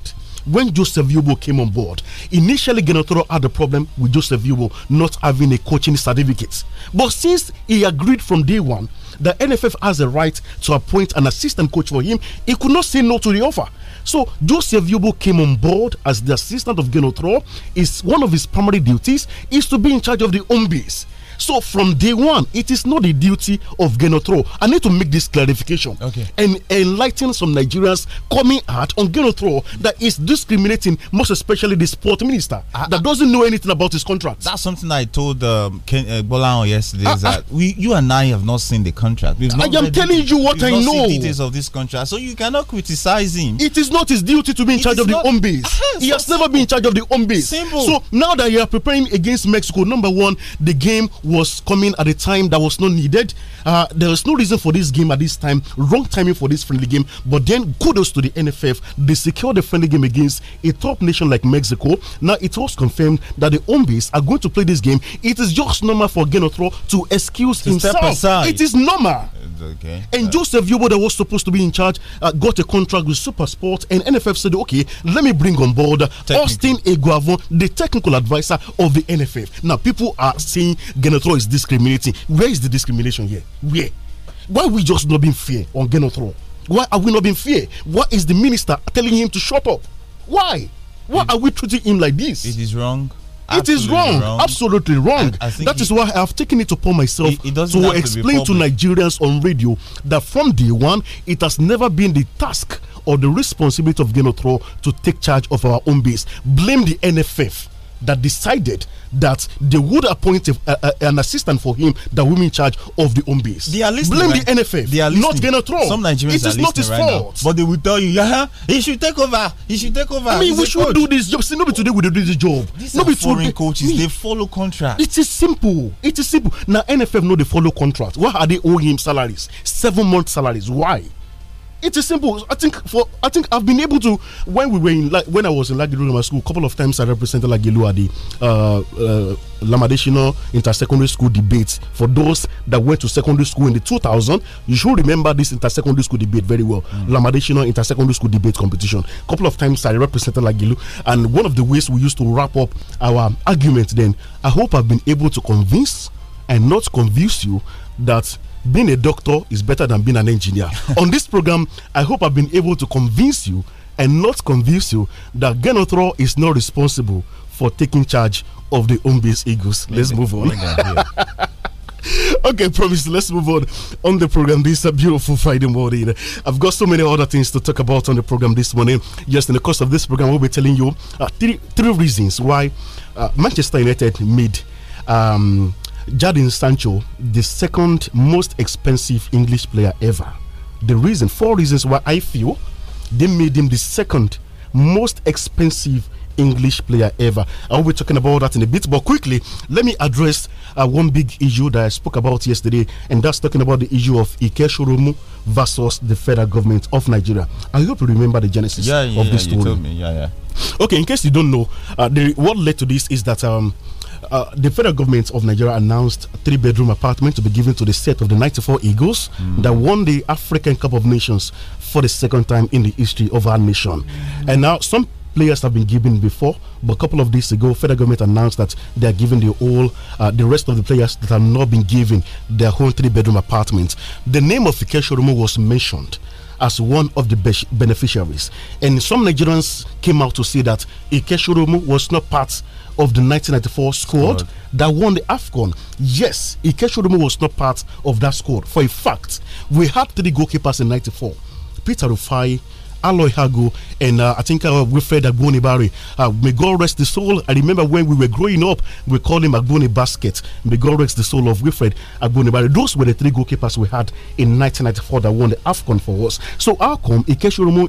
when Joseph Yobo came on board, initially Genotoro had a problem with Joseph Yobo not having a coaching certificate. But since he agreed from day one, the NFF has a right to appoint an assistant coach for him. He could not say no to the offer. So Joseph Yobo came on board as the assistant of Genotro. Is one of his primary duties is to be in charge of the home base. So from day one, it is not the duty of Genotro. I need to make this clarification okay. and enlighten some Nigerians coming out on Genotro that is discriminating, most especially the sport minister I, that I, doesn't know anything about his contract. That's something I told um, Ken, uh, Bolano yesterday. I, ah, ah. that we, you and I have not seen the contract. We've I am telling you what I know. details of this contract, so you cannot criticize him. It is not his duty to be in it charge of the home base. he has never been in charge of the home base. Simple. So now that you are preparing against Mexico, number one, the game was coming at a time that was not needed. Uh, there was no reason for this game at this time. Wrong timing for this friendly game. But then kudos to the NFF. They secured the friendly game against a top nation like Mexico. Now it was confirmed that the home base are going to play this game. It is just normal for Genotro to excuse to himself. It is normal. Okay. And uh, Joseph Yobo that was supposed to be in charge uh, got a contract with Super Sport and NFF said, okay, let me bring on board Austin Eguavon, the technical advisor of the NFF. Now people are saying Genotro throne is discriminating. Where is the discrimination here? Where? Why we just not being fair on Genotron? Why are we not being fair? Why is the minister telling him to shut up? Why? Why it, are we treating him like this? It is wrong. Absolutely it is wrong, wrong. absolutely wrong. I, I that is why I have taken it upon myself it, it to explain to, to Nigerians on radio that from day one, it has never been the task or the responsibility of Genotro to take charge of our own base. Blame the NFF that decided that they would appoint a, a, an assistant for him that will be in charge of the home base. They are listening. Blame right? the NFF. They are listening. Not Ghana Throne. Some Nigerians it is not his right fault. Now. But they will tell you, yeah, he should take over. He should take over. I mean, He's we should coach. do this job. See, nobody today will do this job. These nobody are foreign today. coaches. Me. They follow contract. It is simple. It is simple. Now NFF know they follow contract. Why are they owing him salaries? Seven month salaries. Why? It is simple. I think for I think I've been able to when we were in like when I was in Lagilu my school, a couple of times I represented Lagilu at the uh, uh, Lamadeshino intersecondary school debate. For those that went to secondary school in the 2000, you should remember this intersecondary school debate very well. Mm. Lamadeshino intersecondary school debate competition. A couple of times I represented Lagilu, and one of the ways we used to wrap up our arguments. then. I hope I've been able to convince and not convince you that being a doctor is better than being an engineer. On this program, I hope I've been able to convince you and not convince you that Genotro is not responsible for taking charge of the home Eagles. Let's move on. okay, promise. Let's move on on the program. This is a beautiful Friday morning. I've got so many other things to talk about on the program this morning. Just in the course of this program, we'll be telling you uh, three three reasons why uh, Manchester United made um, Jadon Sancho, the second most expensive English player ever. The reason, four reasons why I feel they made him the second most expensive English player ever. I'll be talking about that in a bit, but quickly, let me address uh, one big issue that I spoke about yesterday, and that's talking about the issue of Ike versus the federal government of Nigeria. I hope you remember the genesis yeah, yeah, of this yeah, story. Yeah, yeah. Okay, in case you don't know, uh, the, what led to this is that um, uh, the federal government of Nigeria announced three bedroom apartment to be given to the set of the 94 Eagles mm. that won the African Cup of Nations for the second time in the history of our nation. Mm. And now some players have been given before, but a couple of days ago, federal government announced that they are giving the all uh, the rest of the players that have not been given their whole three-bedroom apartments. The name of Ikechi was mentioned as one of the beneficiaries, and some Nigerians came out to say that Ikechukwu was not part of the 1994 squad that won the AFCON. Yes, Ikechi was not part of that squad. For a fact, we had three goalkeepers in 94. Peter Rufai, Aloy Hago, and uh, I think uh, Wilfred Agbonibari. Uh, may God rest the soul. I remember when we were growing up, we called him Agboni Basket. May God rest the soul of Wilfred Agbonibari. Those were the three goalkeepers we had in 1994 that won the AFCON for us. So, how come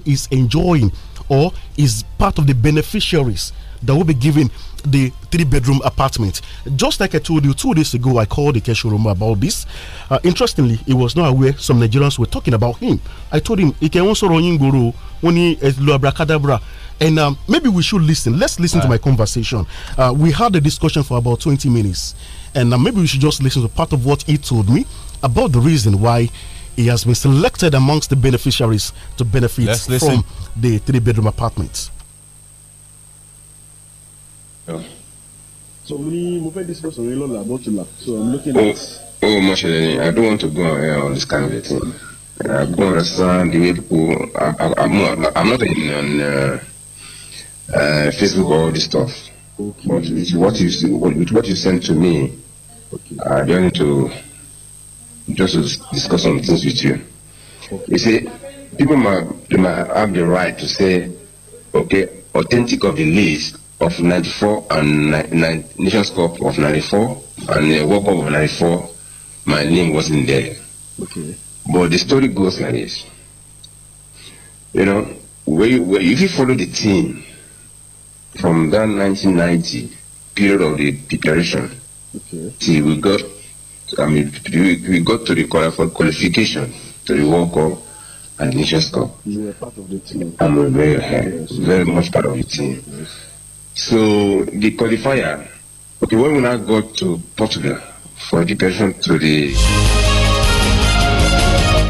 is enjoying or is part of the beneficiaries? that will be given the three bedroom apartment. Just like I told you two days ago, I called the Keshe about this. Uh, interestingly, he was not aware some Nigerians were talking about him. I told him, he can also run in Guru, when he is Abracadabra. And um, maybe we should listen. Let's listen to my conversation. Uh, we had a discussion for about 20 minutes. And uh, maybe we should just listen to part of what he told me about the reason why he has been selected amongst the beneficiaries to benefit from the three bedroom apartments. So move this person love So I'm looking oh, at Oh Mashadini, I don't want to go here on this kind of thing. I don't understand the way people I, I, I'm not I'm not in on uh, uh, Facebook or all this stuff. Okay. But with what you with what you sent to me, okay. I don't need to just to discuss some things with you. Okay. You see, people might, they might have the right to say, okay, authentic of the list of 94 and Nations Cup of 94 and the World Cup of 94, my name wasn't there. Okay. But the story goes like this. You know, where you, where, if you follow the team from that 1990 period of the preparation, okay. see, we got, I mean, we, we got to the qualification to the World Cup and Nations Cup. You were part of the team. I'm very, okay. very much part of the team. Yes. So the qualifier, okay, when we now got to Portugal for education to the.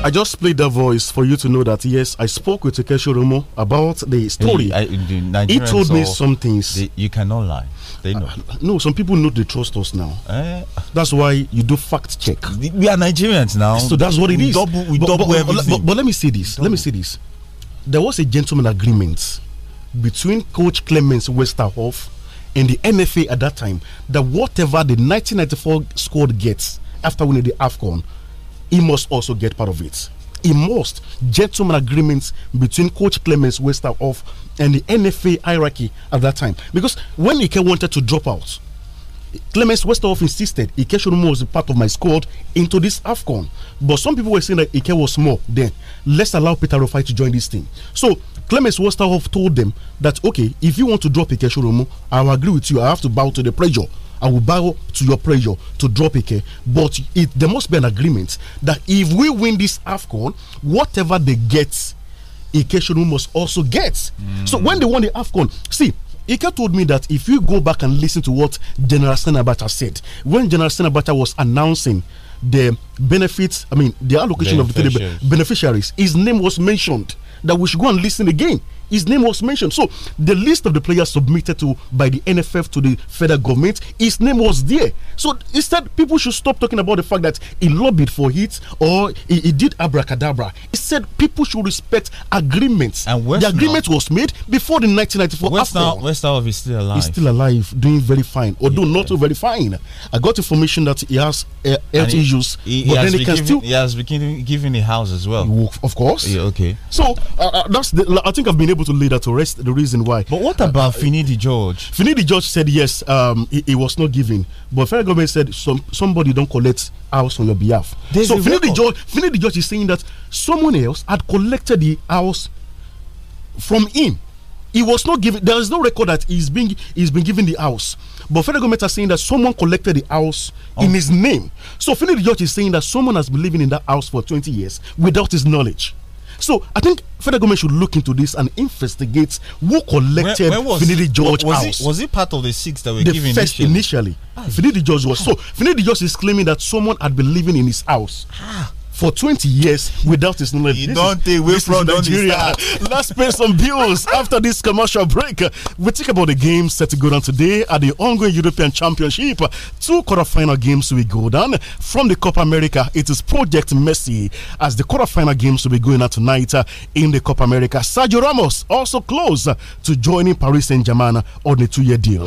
I just played that voice for you to know that yes, I spoke with Takeshi Romo about the story. I, he told me some things. you cannot lie. They know. Uh, no, some people know they trust us now. Eh? That's why you do fact check. We are Nigerians now. So that's what it we is. Double, we but, double but, everything. But, but, let me say this. Double. Let me say this. There was a gentleman agreement between coach Clemens Westerhoff and the NFA at that time that whatever the 1994 squad gets after winning the AFCON, he must also get part of it. He must. Gentleman agreements between Coach Clemens Westerhoff and the NFA hierarchy at that time. Because when Ike wanted to drop out, Clemens Westerhoff insisted Ike should was a part of my squad into this AFCON. But some people were saying that Ike was more then. Let's allow Peter Rofai to join this team. So Clemens Westerhoff told them that, okay, if you want to drop Ike Shoromo, I will agree with you. I have to bow to the pressure. I will bow to your pressure to drop Ike. But it, there must be an agreement that if we win this AFCON, whatever they get, Ike Shoromo must also get. Mm. So when they won the AFCON, see, Ike told me that if you go back and listen to what General Senabata said, when General Senabata was announcing the benefits, I mean, the allocation of the beneficiaries, his name was mentioned that we should go and listen again his name was mentioned. So the list of the players submitted to by the NFF to the federal government, his name was there. So instead, people should stop talking about the fact that he lobbied for it or he, he did abracadabra. He said people should respect agreements. And West the agreement now, was made before the 1994. West now, now is still alive. He's still alive, doing very fine, although yeah. not very fine. I got information that he has uh, health he, issues, he, he but then he can given, still. He has been given a house as well. Of course. Yeah, okay. So uh, uh, that's the, I think I've been able able to lay that to rest. The reason why. But what about uh, Finidi George? Finidi George said yes, um, he, he was not giving. But federal government said some somebody don't collect house on your behalf. There's so Finidi George, Finidi George is saying that someone else had collected the house from him. He was not given. There is no record that he's been he's been given the house. But federal government are saying that someone collected the house oh. in his name. So Finidi George is saying that someone has been living in that house for 20 years without his knowledge. So I think federal government should look into this and investigate who collected Finidi George was house. It, was it part of the six that were the given first initially? initially ah. Finidi George was ah. so. Finidi George is claiming that someone had been living in his house. Ah for 20 years without his knowledge. You don't take away from Nigeria. Let's pay some bills after this commercial break. We talk about the games set to go down today at the ongoing European Championship. Two quarterfinal games will go down. From the Copa America, it is Project Messi as the quarterfinal games will be going on tonight uh, in the Copa America. Sergio Ramos also close to joining Paris Saint Germain on a two year deal.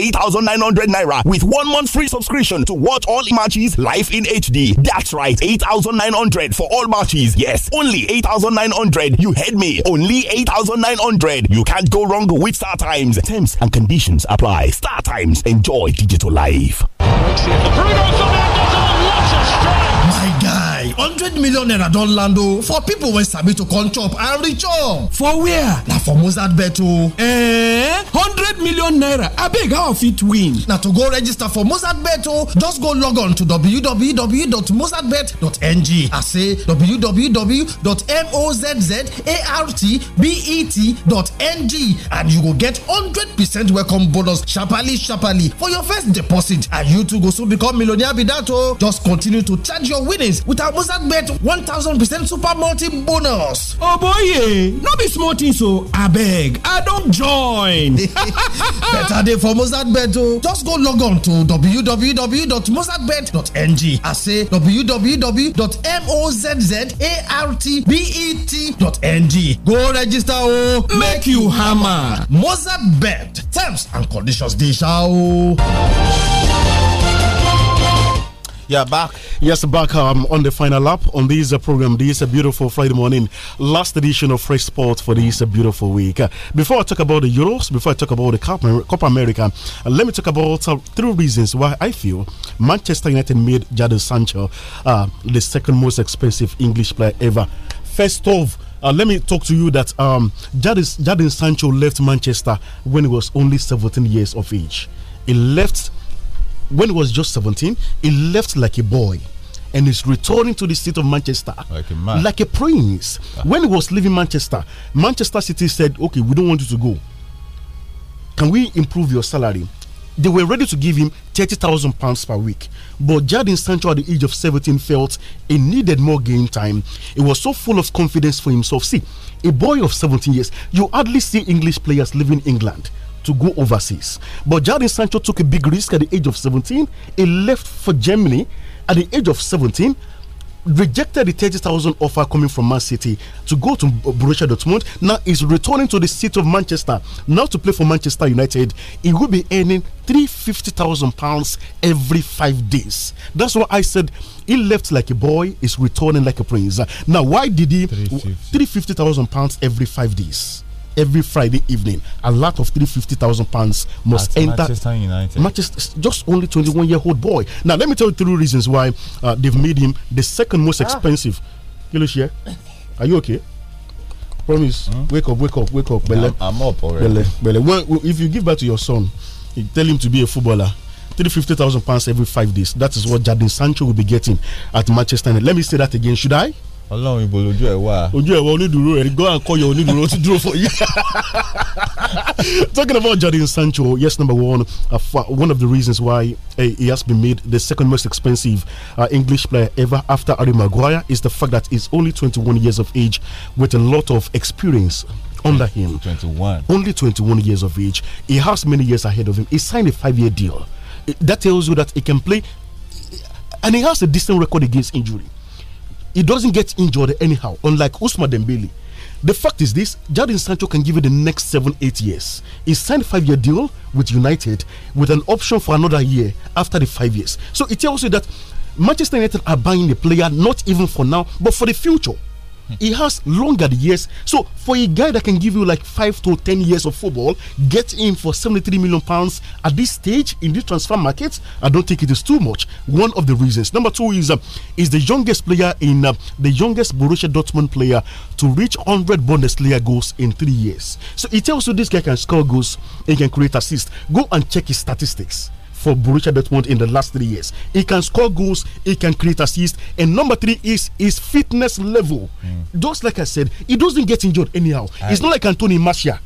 8,900 naira with one month free subscription to watch all matches live in HD. That's right, 8,900 for all matches. Yes, only 8,900. You heard me. Only 8,900. You can't go wrong with Star Times. Terms and conditions apply. Star Times. Enjoy digital life. guy hundred million naira don land o for people wey sabi to come chop and reach up. for where? na for mozart Beto o. Eh, hundred million naira abeg how i fit win? na to go register for mozart Beto just go log on to www.mozartbet.ng as say www.mozzartbet.ng and you go get hundred percent welcome bonus sharparly sharparly for your first deposit and you too go soon become millionaire be that o. just continue to charge your winnings without abuja Bet one thousand percent super multi bonus. Oh oboye no be small thing I beg. i don't join. better day for mozart bet oh. just go log on to www.mozartbet.ng I say www.mozzartbet.ng go register oh. make you hammer mozart bet terms and conditions dey sha o. Oh. Yeah, back. Yes, back um, on the final lap on this uh, program. This is uh, a beautiful Friday morning. Last edition of Fresh Sport for this uh, beautiful week. Uh, before I talk about the Euros, before I talk about the Copa, uh, Copa America, uh, let me talk about uh, three reasons why I feel Manchester United made Jadon Sancho the second most expensive English player ever. First off, uh, let me talk to you that um, Jadon Sancho left Manchester when he was only 17 years of age. He left when he was just 17, he left like a boy and is returning to the state of Manchester like a, like a prince. Ah. When he was leaving Manchester, Manchester City said, Okay, we don't want you to go. Can we improve your salary? They were ready to give him 30,000 pounds per week. But Jadon Sancho, at the age of 17, felt he needed more game time. He was so full of confidence for himself. See, a boy of 17 years, you hardly see English players leaving England to go overseas. But Jadon Sancho took a big risk at the age of 17. He left for Germany at the age of 17 rejected the 30,000 offer coming from Man City to go to Borussia Dortmund. Now he's returning to the city of Manchester, now to play for Manchester United. He will be earning 350,000 pounds every five days. That's why I said he left like a boy, he's returning like a prince. Now, why did he 350,000 pounds every five days? every Friday evening. A lack of three fifty thousand pounds must At enter Manchester United. Manchester, just only twenty one year old boy. Now let me tell you three reasons why uh, they've made him the second most ah. expensive. Kiloshia, are you okay? Promise, hmm? wake up, wake up, wake up, Bele. I'm, I'm, up already. Bele, Bele. Well, if you give back to your son, you tell him to be a footballer. 350,000 pounds every five days. That is what Jadon Sancho will be getting at Manchester United. Let me say that again. Should I? ọlọ́run ibo lójú ẹ̀ wà. ojú ẹ̀ wọ onídùúró ẹ̀ go and call your onídùúró to dúró for you. Talking about Jadon Sancho, yes, number one, uh, one of the reasons why uh, he has been made the second most expensive uh, English player ever after Harry Maguire is the fact that he's only 21 years of age with a lot of experience under him. 21. Only 21 years of age. He has many years ahead of him. He signed a five year deal. That tells you that he can play, and he has a decent record against injury he doesn't get injured anyhow, unlike Usman Dembele. The fact is this Jadon Sancho can give you the next seven, eight years. He signed five year deal with United with an option for another year after the five years. So it tells you that Manchester United are buying the player not even for now, but for the future he has longer years. So for a guy that can give you like five to ten years of football, get him for 73 million pounds at this stage in this transfer market. I don't think it is too much. One of the reasons. Number two is uh, is the youngest player in uh, the youngest Borussia Dortmund player to reach 100 Bundesliga goals in three years. So it tells you this guy can score goals and can create assists. Go and check his statistics for Borussia Dortmund in the last three years. He can score goals, he can create assists, and number three is his fitness level. Mm. Just like I said, he doesn't get injured anyhow. it's not like Anthony Martial. Uh,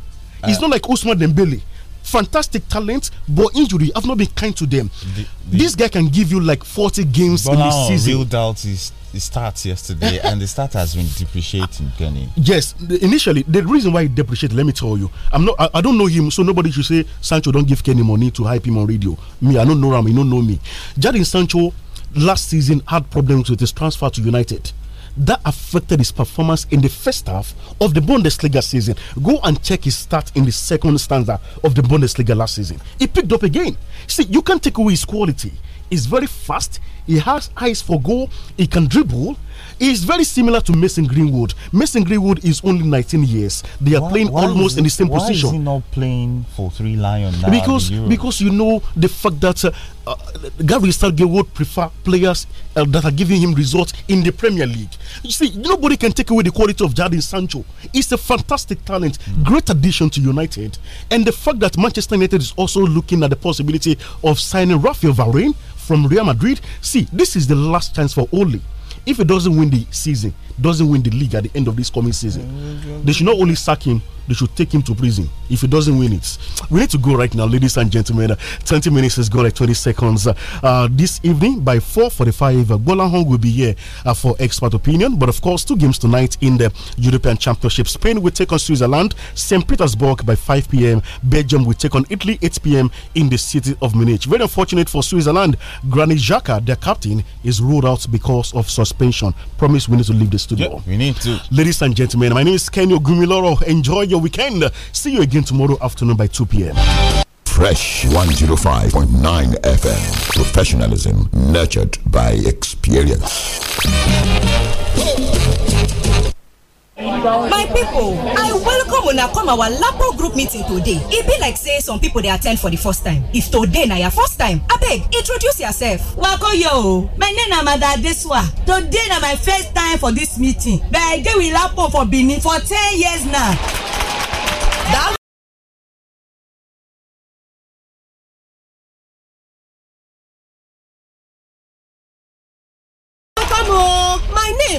it's not like Usman Dembele fantastic talent, but injury i have not been kind to them. The, the this guy can give you like 40 games in a season. real doubt is it starts yesterday, and the start has been depreciating, Kenny. Yes, initially the reason why it depreciated, let me tell you, I'm not, I, I, don't know him, so nobody should say Sancho don't give Kenny money to hype him on radio. Me, I don't know him, he don't know me. Jadon Sancho last season had problems with his transfer to United that affected his performance in the first half of the Bundesliga season. Go and check his start in the second stanza of the Bundesliga last season. He picked up again. See, you can't take away his quality is very fast. He has eyes for goal. He can dribble is very similar to Mason Greenwood. Mason Greenwood is only 19 years. They are why, playing why almost in the same why position. Why is he not playing for Three Lions now? Because because you know the fact that uh, uh, Gary Southgate would prefer players uh, that are giving him results in the Premier League. You see, nobody can take away the quality of Jadon Sancho. He's a fantastic talent, mm. great addition to United, and the fact that Manchester United is also looking at the possibility of signing Rafael Varane from Real Madrid. See, this is the last chance for Ole if he doesn't win the season, doesn't win the league at the end of this coming season, mm, they should not only sack him, they should take him to prison if he doesn't win it. We need to go right now, ladies and gentlemen. 20 minutes is gone like 20 seconds. Uh, this evening by 4.45, Golan uh, Hong will be here uh, for expert opinion. But of course, two games tonight in the European Championship. Spain will take on Switzerland, St. Petersburg by 5 p.m. Belgium will take on Italy 8 p.m. in the city of Munich. Very unfortunate for Switzerland. Granny Xhaka, their captain, is ruled out because of suspension. Promise we need to leave the studio. Yeah, we need to. Ladies and gentlemen, my name is Kenny Gumiloro. Enjoy your your weekend. See you again tomorrow afternoon by 2 p.m. Fresh 105.9 FM. Professionalism nurtured by experience my people, i welcome I come our lapo group meeting today It be like say some people they attend for the first time if today na your first time abeg introduce yourself. Wako yo, my name is Mada adesuwa today na my first time for this meeting but i dey with lapo for benin for ten years now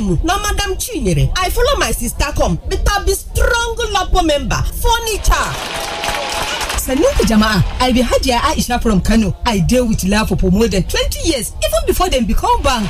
name na madam chinyere i follow my sister come I be strong lopo member furniture sannin ku jama'a i be hajiya aisha from kano i deal with love for more than 20 years even before them become bank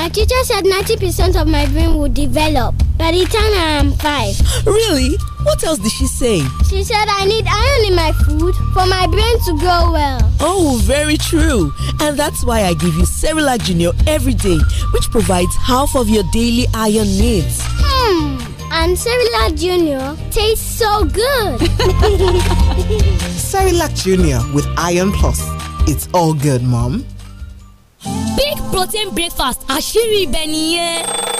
My teacher said 90% of my brain will develop by the time I am five. Really? What else did she say? She said I need iron in my food for my brain to grow well. Oh, very true. And that's why I give you Cerilac Junior every day, which provides half of your daily iron needs. Hmm. And Cerilac Junior tastes so good. Cerilac Junior with Iron Plus. It's all good, Mom. big protein breakfast àṣírí ibẹ̀ nìyẹn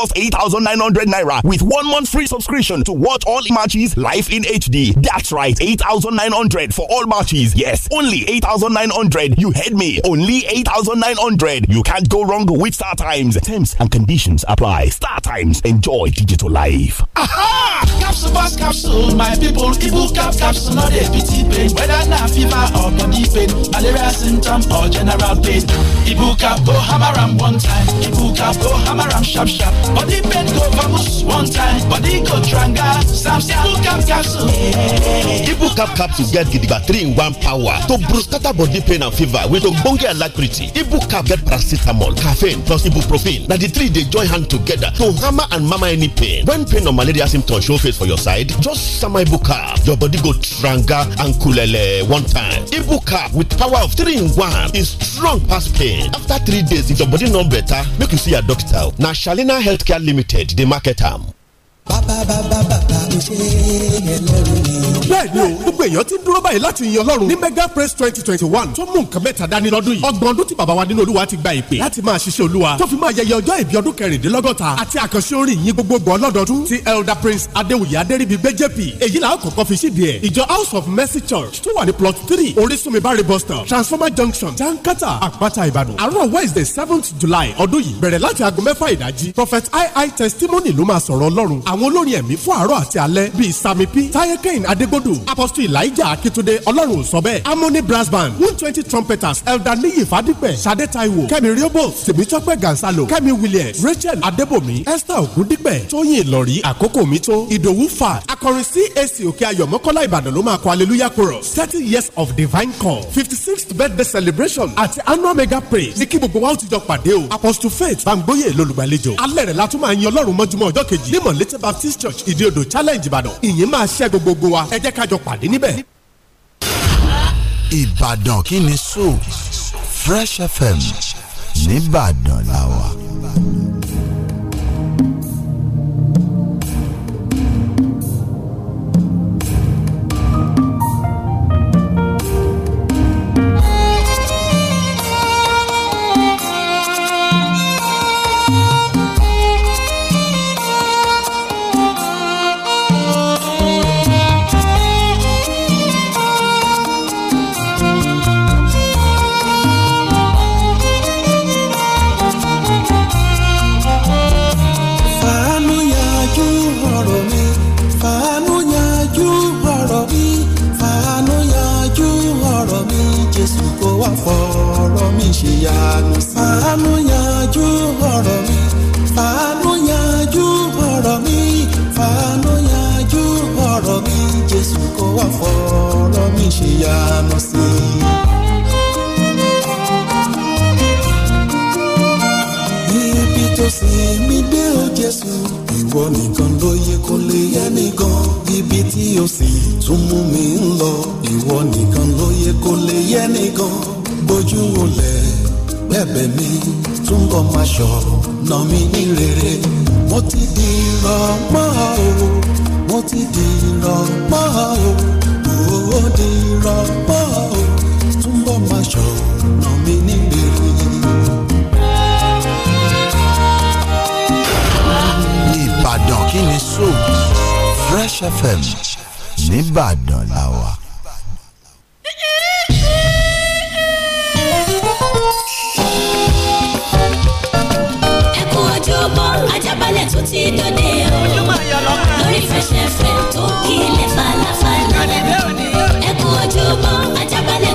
just 8,900 naira with one month free subscription to watch all matches live in HD. That's right, 8,900 for all matches. Yes, only 8,900. You heard me. Only 8,900. You can't go wrong with Star Times. Terms and conditions apply. Star Times. Enjoy digital life. Aha! Capsule, bus, capsule, my people. Ibu cap, capsule, not a pity pain. Whether na fever or body pain, malaria symptom or general pain. Ibu cap, go oh, hammer one time. Ibu cap, go oh, hammer sharp, sharp. body pain go vamoosh one time body go tranga samson ibu capsule ibu capsule get gidigba three in one power to boost scatter body pain and fever with ogbonge alacrity ibu cap get paracetamol caffeine plus ibuprofen na the three dey join hand together to hammer and mama any pain when pain or malaria symptoms show face for your side just sama ibu your body go tranga and kulele one time ibu with power of three in one is strong pass pain after three days if your body no better make you see your doctor na shalina health market limited the market am. bàbá bàbá bàbá mi ṣe ẹlẹ́rù ni. bẹ́ẹ̀ni o gbogbo èèyàn ti dúró báyìí láti yin Ọlọ́run ní mega praise twenty twenty one tó mú nǹkan mẹ́ta dání lọ́dún yìí ọgbọ̀n ọdún tí bàbá wa nínú Olúwa ti gba ìpè láti máa ṣiṣẹ́ Olúwa tó fi máa yẹyẹ ọjọ́ ìbí ọdún kẹrìndínlọ́gọ́ta àti àkànṣe orin yìí gbogbogbò ọlọ́dọọdún ti elder prince Adéwùyí Adéríbigbé JP èyí là á kọ́kọ́ fi síbi ẹ̀ ìjọ house of mercy church tó wà ní plot three orísunmi bari bus stop transformer junction jankata àpáta Ìbàdàn àárọ̀ Wednesday seventh July ọdún yìí bẹ̀rẹ̀ láti aago prophet ii testimony ló máa àwọn olórin ẹ̀mí fún àárọ̀ àti alẹ́ bíi sami p taye kane adegbodò apostle elijah akitunde ọlọ́run sọ bẹ́ẹ̀ harmony brass band one twenty trumpeters elder niyi fadipẹ sade taiwo kẹ́mi riobos tèmítọ́pẹ́ gansalo kẹ́mi williams rachel adebomi esther ogundipe tóyìn ìlọ̀rí àkókò mi tó ìdòwú fat akọrin cac òkè ayọ̀ mọ́kọ́lá ìbàdàn ló máa kọ hallelujah chorus thirty years of divine call fifty sixth birthday celebration àti annual mega praise ní kí gbogbo wa ó ti jọ pàdé o apostle faith bangboye lolùgbàlejò alẹ́ rẹ̀ la tún máa yin ọlọ́run mọ́júmọ́ baptist church ìdíodò challenge ìbàdàn ìyìn máa ṣẹ́ gbogbogbò wa ẹ jẹ́ kájọ pàdé níbẹ̀. ìbàdàn kí ni so fresh fm nìbàdàn làwà. fàánú yanjú ọ̀rọ̀ mi fàánú yanjú ọ̀rọ̀ mi jésù kó wá fọ̀rọ̀ mi ṣe yanu sí i. ibi tó sì mí dé o jésù ìwọ nìkan ló yẹ kó lè yẹ nìkan ibi tí o sì tún mú mi ń lọ ìwọ nìkan ló yẹ kó lè yẹ nìkan bójú wò bẹ̀bẹ̀ mi túnbọ̀ máa ṣọ̀nà mi ní rere mo ti di ìrọ̀mọ́ o mo ti di ìrọ̀mọ́ o mo di ìrọ̀mọ́ o túnbọ̀ máa ṣọ̀nà mi ní rere. Ìbàdàn kí ni soo Fresh FM nìbàdàn làwà. ìmọ́lẹ̀ tó ti dòde o lórí fẹsẹ̀fẹ̀ tó kílẹ̀ falafala ẹ kú ojúmọ́ Ajaabale.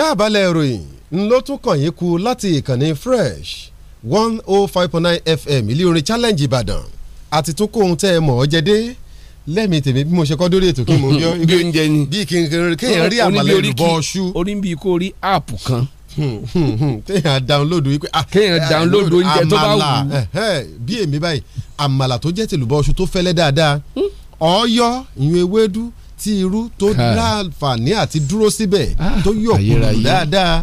ajá àbálẹ̀ ìròyìn ńlọ tún kàn yín kú láti ìkànnì fresh one oh five point nine fm ilé orin challenge ìbàdàn àti tún kó ohun tẹ́ ẹ mọ̀ ọ́ jẹ dé lẹ́mìí tèmi bí mo ṣe kọ́ dórí ètò kí mo yọ bí oúnjẹ ni bí kéèyàn rí àmàlẹ́ ìlúbọ̀ ọṣù. orí bí kò rí áàpù kan hmm, hmm, hmm. kéèyàn download wípé ah, kéèyàn eh, download eh, oúnjẹ tó bá wù ú. Eh, bí èmi báyìí àmàlà tó jẹ́ tèlùbọ̀ ọṣù tó fẹ́lẹ́ dáadáa ọ̀ọ́yọ́ ìyún ewédú tí irú tó láǹfààní àti dúró síbẹ̀ ah, tó yọ̀ kúrò dáadáa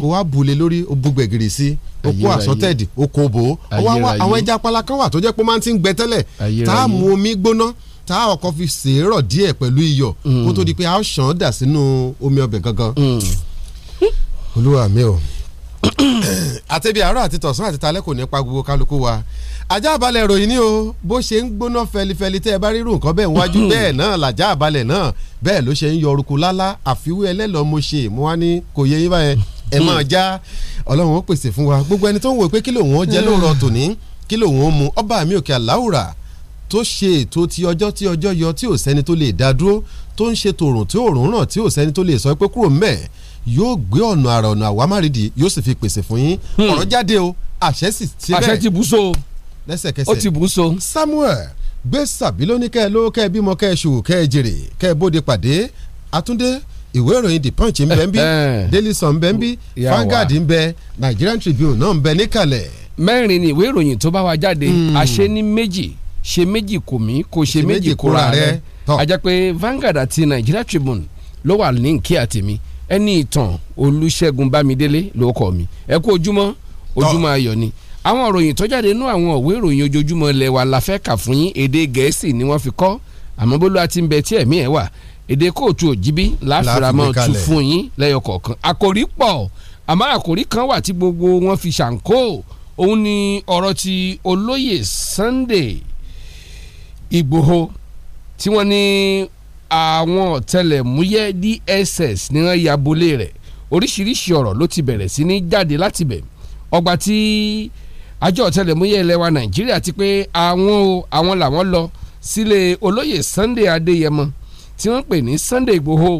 kó wá bulè lórí ó bu gbẹ̀gìrì sí ó kó àsọtẹ́ẹ̀dì ó kó bò ó àwọn ẹja apala kan wà tó jẹ́ pé ó máa ti ń gbẹ tẹ́lẹ̀ tá a mu omi gbóná tá a ọkọ fi sèérọ̀ díẹ̀ pẹ̀lú iyọ̀ mm. kó tó di pé a ó ṣàn án dà sínú omi ọbẹ̀ gangan mm. olúwa mi o àtẹ̀bí àárọ̀ àti tọ̀sán àti talẹ́ kò ní pa gbogbo kálukú wa ajá balẹ̀ ìròyìn ni o bó ṣe ń gbóná fẹlifẹli tẹ́ ẹ bá rírun nǹkan bẹ́ẹ̀ wájú hmm. bẹ́ẹ̀ náà làjá balẹ̀ náà bẹ́ẹ̀ ló ṣe ń yọ orúkú lálá àfiwé ẹlẹ́lọ́ mo ṣe mo wá ní kò yẹ yín báyẹn ẹ máa hmm. já ọlọ́run ó pèsè fún wa gbogbo ẹni tó ń wò pé kí lòun ó jẹ hmm. lóòrọ̀ tòní kí lòun ó mu ọba mi òkè àláwùrà tó ṣe ètò ti ọjọ́ tí ọjọ́ yọ tí ò sẹ́ni tó lè dá dúró tó ń ṣe tòrùn tí òòrùn ràn tí ò sẹ́ni tó lè sọ pé kúrò mẹ́ẹ̀ yóò gbé ọ̀nà àrà ọ̀nà àwámárìdì yóò sì fi pèsè fún yín ọ̀rọ̀ jáde o àṣẹ sì ti bẹ́ẹ̀ àṣẹ ti bú so lẹ́sẹ̀kẹsẹ̀ ó ti bù ú so. Samuel gbé sàbí lóní kẹ́ ẹ lówó kẹ́ ẹ bímọ kẹ́ ẹ ṣòwò jèrè kẹ́ bóde pàdé Àtúndé ìwé ìròyìn the punch ń bẹ ń bí Daily Sun ń bẹ ń bí Vanguard ń bẹ Nigerian Tribune náà ń bẹ níkàlẹ̀. mẹ́rin ni ìwé ìròyìn tó bá wa jáde hmm. àṣẹ ní méjì ṣe méjì kò mí kò ṣe méjì kóra rẹ àjẹ́ pé Vanguard àti Nigeria Tribune ló wà ní nkí àtẹ̀mí ẹni ìtàn Olúṣẹ́gun Bámidélé ló kọ́ mi ẹ kú ojúmọ́ ojúmọ́ ayọ̀ ni àwọn òròyìn tó jáde nú àwọn òwe ìròyìn ojoojúmọ́ ilẹ̀ wa la fẹ́ kà fún yín èdè gẹ̀ẹ́sì ni wọ́n fi kọ àmọ́ bólú àti ń bẹ tí ẹ̀mí ẹ̀ wà èdè kóòtù òjìbí láfìramọ́ tu fún yín lẹ́yọ kọ̀ọ̀kan àkòrí pọ̀ àmọ́ àkòrí kan wà tí gbogbo wọn fi ṣàǹkó òun ni ọ̀rọ̀ ti olóyè Sunday Ìgbòho tí wọ́n ní àwọn ọ̀tẹlẹ̀múyẹ́ DSS ni wọ́n ya bolé rẹ̀ oríṣiríṣi ọ̀rọ̀ ló ti bẹ̀rẹ̀ sí ní jáde láti bẹ̀ ọgbà tí àjọ ọ̀tẹlẹ̀múyẹ́ ilẹ̀ wa nàìjíríà ti pé àwọn o àwọn làwọn lọ sílé olóyè sunday adéyẹmọ tí wọ́n pè ní sunday igbòho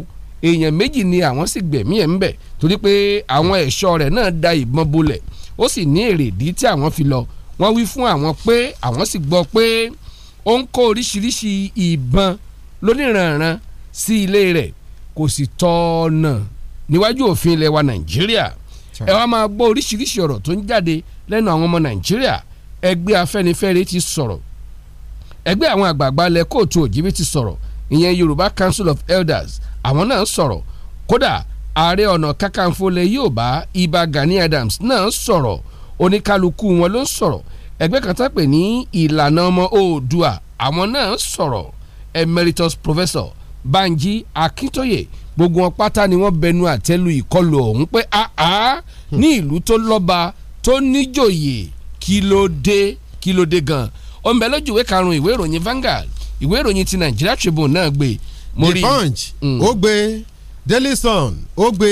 èèyàn méjì ni àwọn sì gbẹ̀mí ẹ̀ ń bẹ̀ torí pé àwọn ẹ̀ṣọ́ rẹ̀ náà da ìbọn bolẹ̀ ó sì ní èrèdí tí àwọn fi lọ wọ́n wí fún àwọn pé àwọn sì gbọ́ pé ó ń kó oríṣiríṣi ìbọn lóníranran sí ilé rẹ̀ kò sì tọ́ ọ̀nà níwájú òfin ilẹ̀ wa nàìjíríà ẹ wá máa gbọ́ oríṣiríṣi ọ̀rọ̀ tó ń jáde lẹ́nu àwọn ọmọ nàìjíríà ẹgbẹ́ afẹ́nifẹ́re ti sọ̀rọ̀ ẹgbẹ́ àwọn àgbààgbà lẹ kóòtù òjìbí ti sọ̀rọ̀ ìyẹn yorùbá council of elders àwọn náà sọ̀rọ̀ kódà ààrẹ ọ̀nà kakanfò lẹ yóò bá ibà gani adams náà sọ̀rọ̀ oníkálukú wọn ló ń sọ̀rọ̀ ẹgbẹ́ kan tápè ní ìlànà ọmọ oòdùà àwọn náà sọ̀rọ̀ emeritus professor banji akintoye gbogbo wọn pátá ni wọ́n bẹnu àtẹ́lu ìkọlù ọ̀hún pé àá ní ìlú tó lọ́ba tó níjòyè kí ló dé kí ló dé gan ọmọ ẹ lójú ìwé karùn-ún ìwé ìròyìn Vanguard ìwé ìròyìn ti Nigeria Tribune náà gbé mo rí. the punch mm. ó gbé Daily Sun ó gbé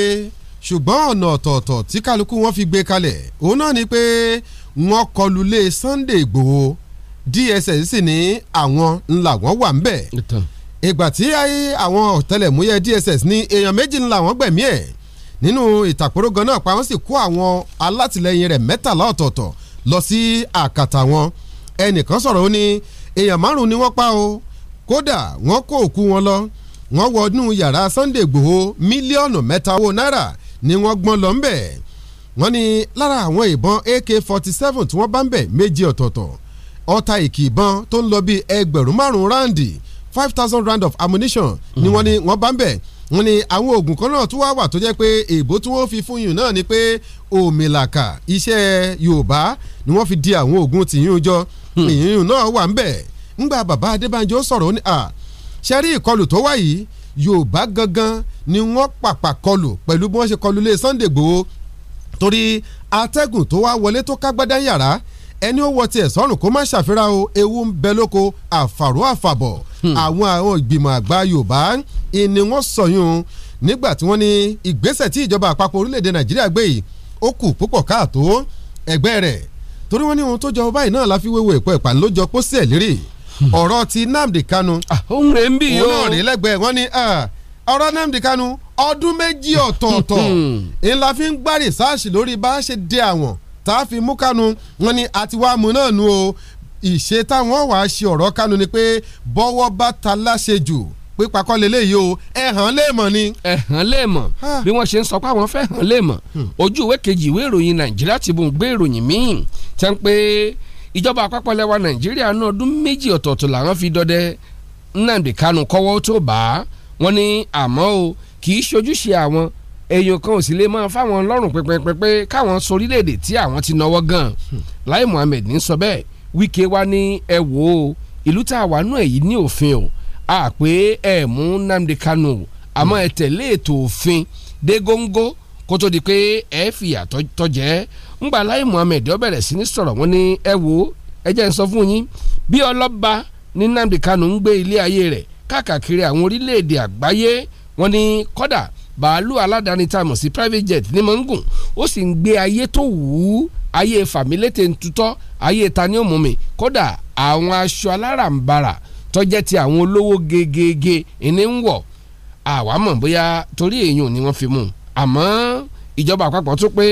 ṣùgbọ́n ọ̀nà ọ̀tọ̀ọ̀tọ̀ tí kálukú wọn fi gbé kalẹ̀ òun náà ni pé wọ́n kọlu lé Sunday Ìgbòho DSS sì ní àwọn ńlá wọn wà ń bẹ̀ ìgbà tí àwọn ọ̀tẹlẹ̀múyẹ́ DSS ní èèyàn méjì ńlá wọn gbẹ̀mí ẹ̀ nínú ìtàkùrọ̀gọ náà pa wọ́n sì kó àwọn alátìlẹyìn rẹ̀ mẹ́tàlá ọ̀tọ̀ọ̀tọ̀ lọ sí àkàtà wọn ẹnìkan sọ̀rọ̀ ó ní èèyàn márùn-ún ni wọ́n pa o kódà wọ́n kó òkú wọn lọ wọ́n wọnú yàrá Sunday Igboho mílíọ̀nù mẹ́ta owó náírà ni wọ́n gbọ́n lọ ńbẹ̀ wọ́n ní lára àwọn ìbọn AK-47 tí wọ́n bá ń bẹ̀ méjì ọ̀tọ̀ọ̀tọ̀ ọta ìkì ìbọn tó ń lọ bíi ẹgbẹ̀rún márùn-ún ráǹdì five thousand round of ammunition mm ni wọ́n ní wọ́n bá ń bẹ̀ wọ́n ní àwọn oògùn kan náà tó wá wà tó jẹ́ pé èèbó tí wọ́n fi fún yùn náà ni pé òmìlàkà iṣẹ́ yorùbá ni wọ́n fi di àwọn oògùn tìyún jọ hmm. ìyún náà wà ń bẹ̀ ńgbà bàbá adébánjọ sọ̀rọ̀ ní à ṣe rí ìkọlù tó wá yìí yorùbá gangan ni wọ́n pàpà kọlù pẹ̀lú bí wọ́n ṣe kọlù lé Sunday Igboho torí atẹ́gùn tó wá wọlé tó kágbádá yàrá ẹni ó wọ tiẹ̀ sọ́run kó má ṣàfihàn o ewu ń bẹ lóko àfàrò àfàbọ̀ hmm. àwọn àwọn ìgbìmọ̀ àgbà Yorùbá ìní wọn sọyún nígbà tí wọ́n ní ìgbésẹ̀ tí ìjọba àpapọ̀ orílẹ̀-èdè Nàìjíríà gbé yìí ó kù púpọ̀ káàtó ẹgbẹ́ rẹ̀ torí wọ́n ní ohun tó jọ báyìí náà la fi wéwo ìpọ̀ ìpàdé ló jọ pósí ẹ̀ lérí hmm. ọ̀rọ̀ ti Nnamdi Kanu ah, òun rè ń bì ọ̀rọ̀ Nnamdi Kanu ọdún méjì ọ̀tọ̀ọ̀tọ̀ ńlá hmm. fi ń gbá rìsáàsì lórí bá a ṣe dé àwọn tá a fi mú Kánú wọn ni àti wàá mú náà nu o ìṣe táwọn wàá ṣe ọ̀rọ̀ Kánú ni pé bọ́wọ́ bá ta láṣẹ jù pípa kọ́ leléyìí o ẹ̀hàn lè mọ̀ ni. ẹ̀hàn lè mọ̀ bí wọ́n ṣe ń sọ pé àwọn fẹ́ hàn lè mọ̀ hmm. ojú ìwé kejì ìwé ìròyìn nàìjíríà ti bùn gbé ìròyìn míì tẹ́ ń pé ìjọba àpapọ̀ lẹ́wà nàìjíríà náà ọdún méjì ọ̀tọ̀ọ̀tọ̀ làwọn fi dọdẹ Nnamdi Kanu kọ́wọ́ tó bá wọn ní àmọ́ o kì í ṣojúṣe àwọn èèyàn kan ò sì lè máa fáwọn lọ́rùn pẹ́pẹ́pẹ́ káwọn sorílẹ̀-èdè tí àwọn ti náwó gan Lai Muhammed ń sọ bẹ́ẹ̀ Wike wa ní ẹ wò ó ìlú tá a wà nù èyí ní òfin o a pé ẹ mú Nnamdi Kanu àmọ́ ẹ tẹ̀lé ètò òfin dé góńgó kó tó di pé ẹ fìyà tọ́jẹ́ ńgbà Lai Muhammed ó bẹ̀rẹ̀ sí ní sọ̀rọ̀ wọn ní ẹ wò ó ẹ jẹ́ n sọ fún yín bí ọlọ́ba ní Nnamdi Kanu ń gbé ilé ayé rẹ̀ káàkiri àwọn orílẹ̀-èdè àgbáyé wọn ní kọ́dà bàálù aládàáni tá a mọ̀ sí private jet ni mo ń gùn ó sì ń gbé ayé tó wù ú ayé fàmílétè ń tutọ́ ayé ta ni ó mú mi kódà àwọn aṣọ alárànbarà tọ́jẹ́ ti àwọn olówó gegege ìní ń wọ̀ àwa mọ̀ bóyá torí èèyàn ni wọ́n fi mú un àmọ́ ìjọba àpapọ̀ tó pé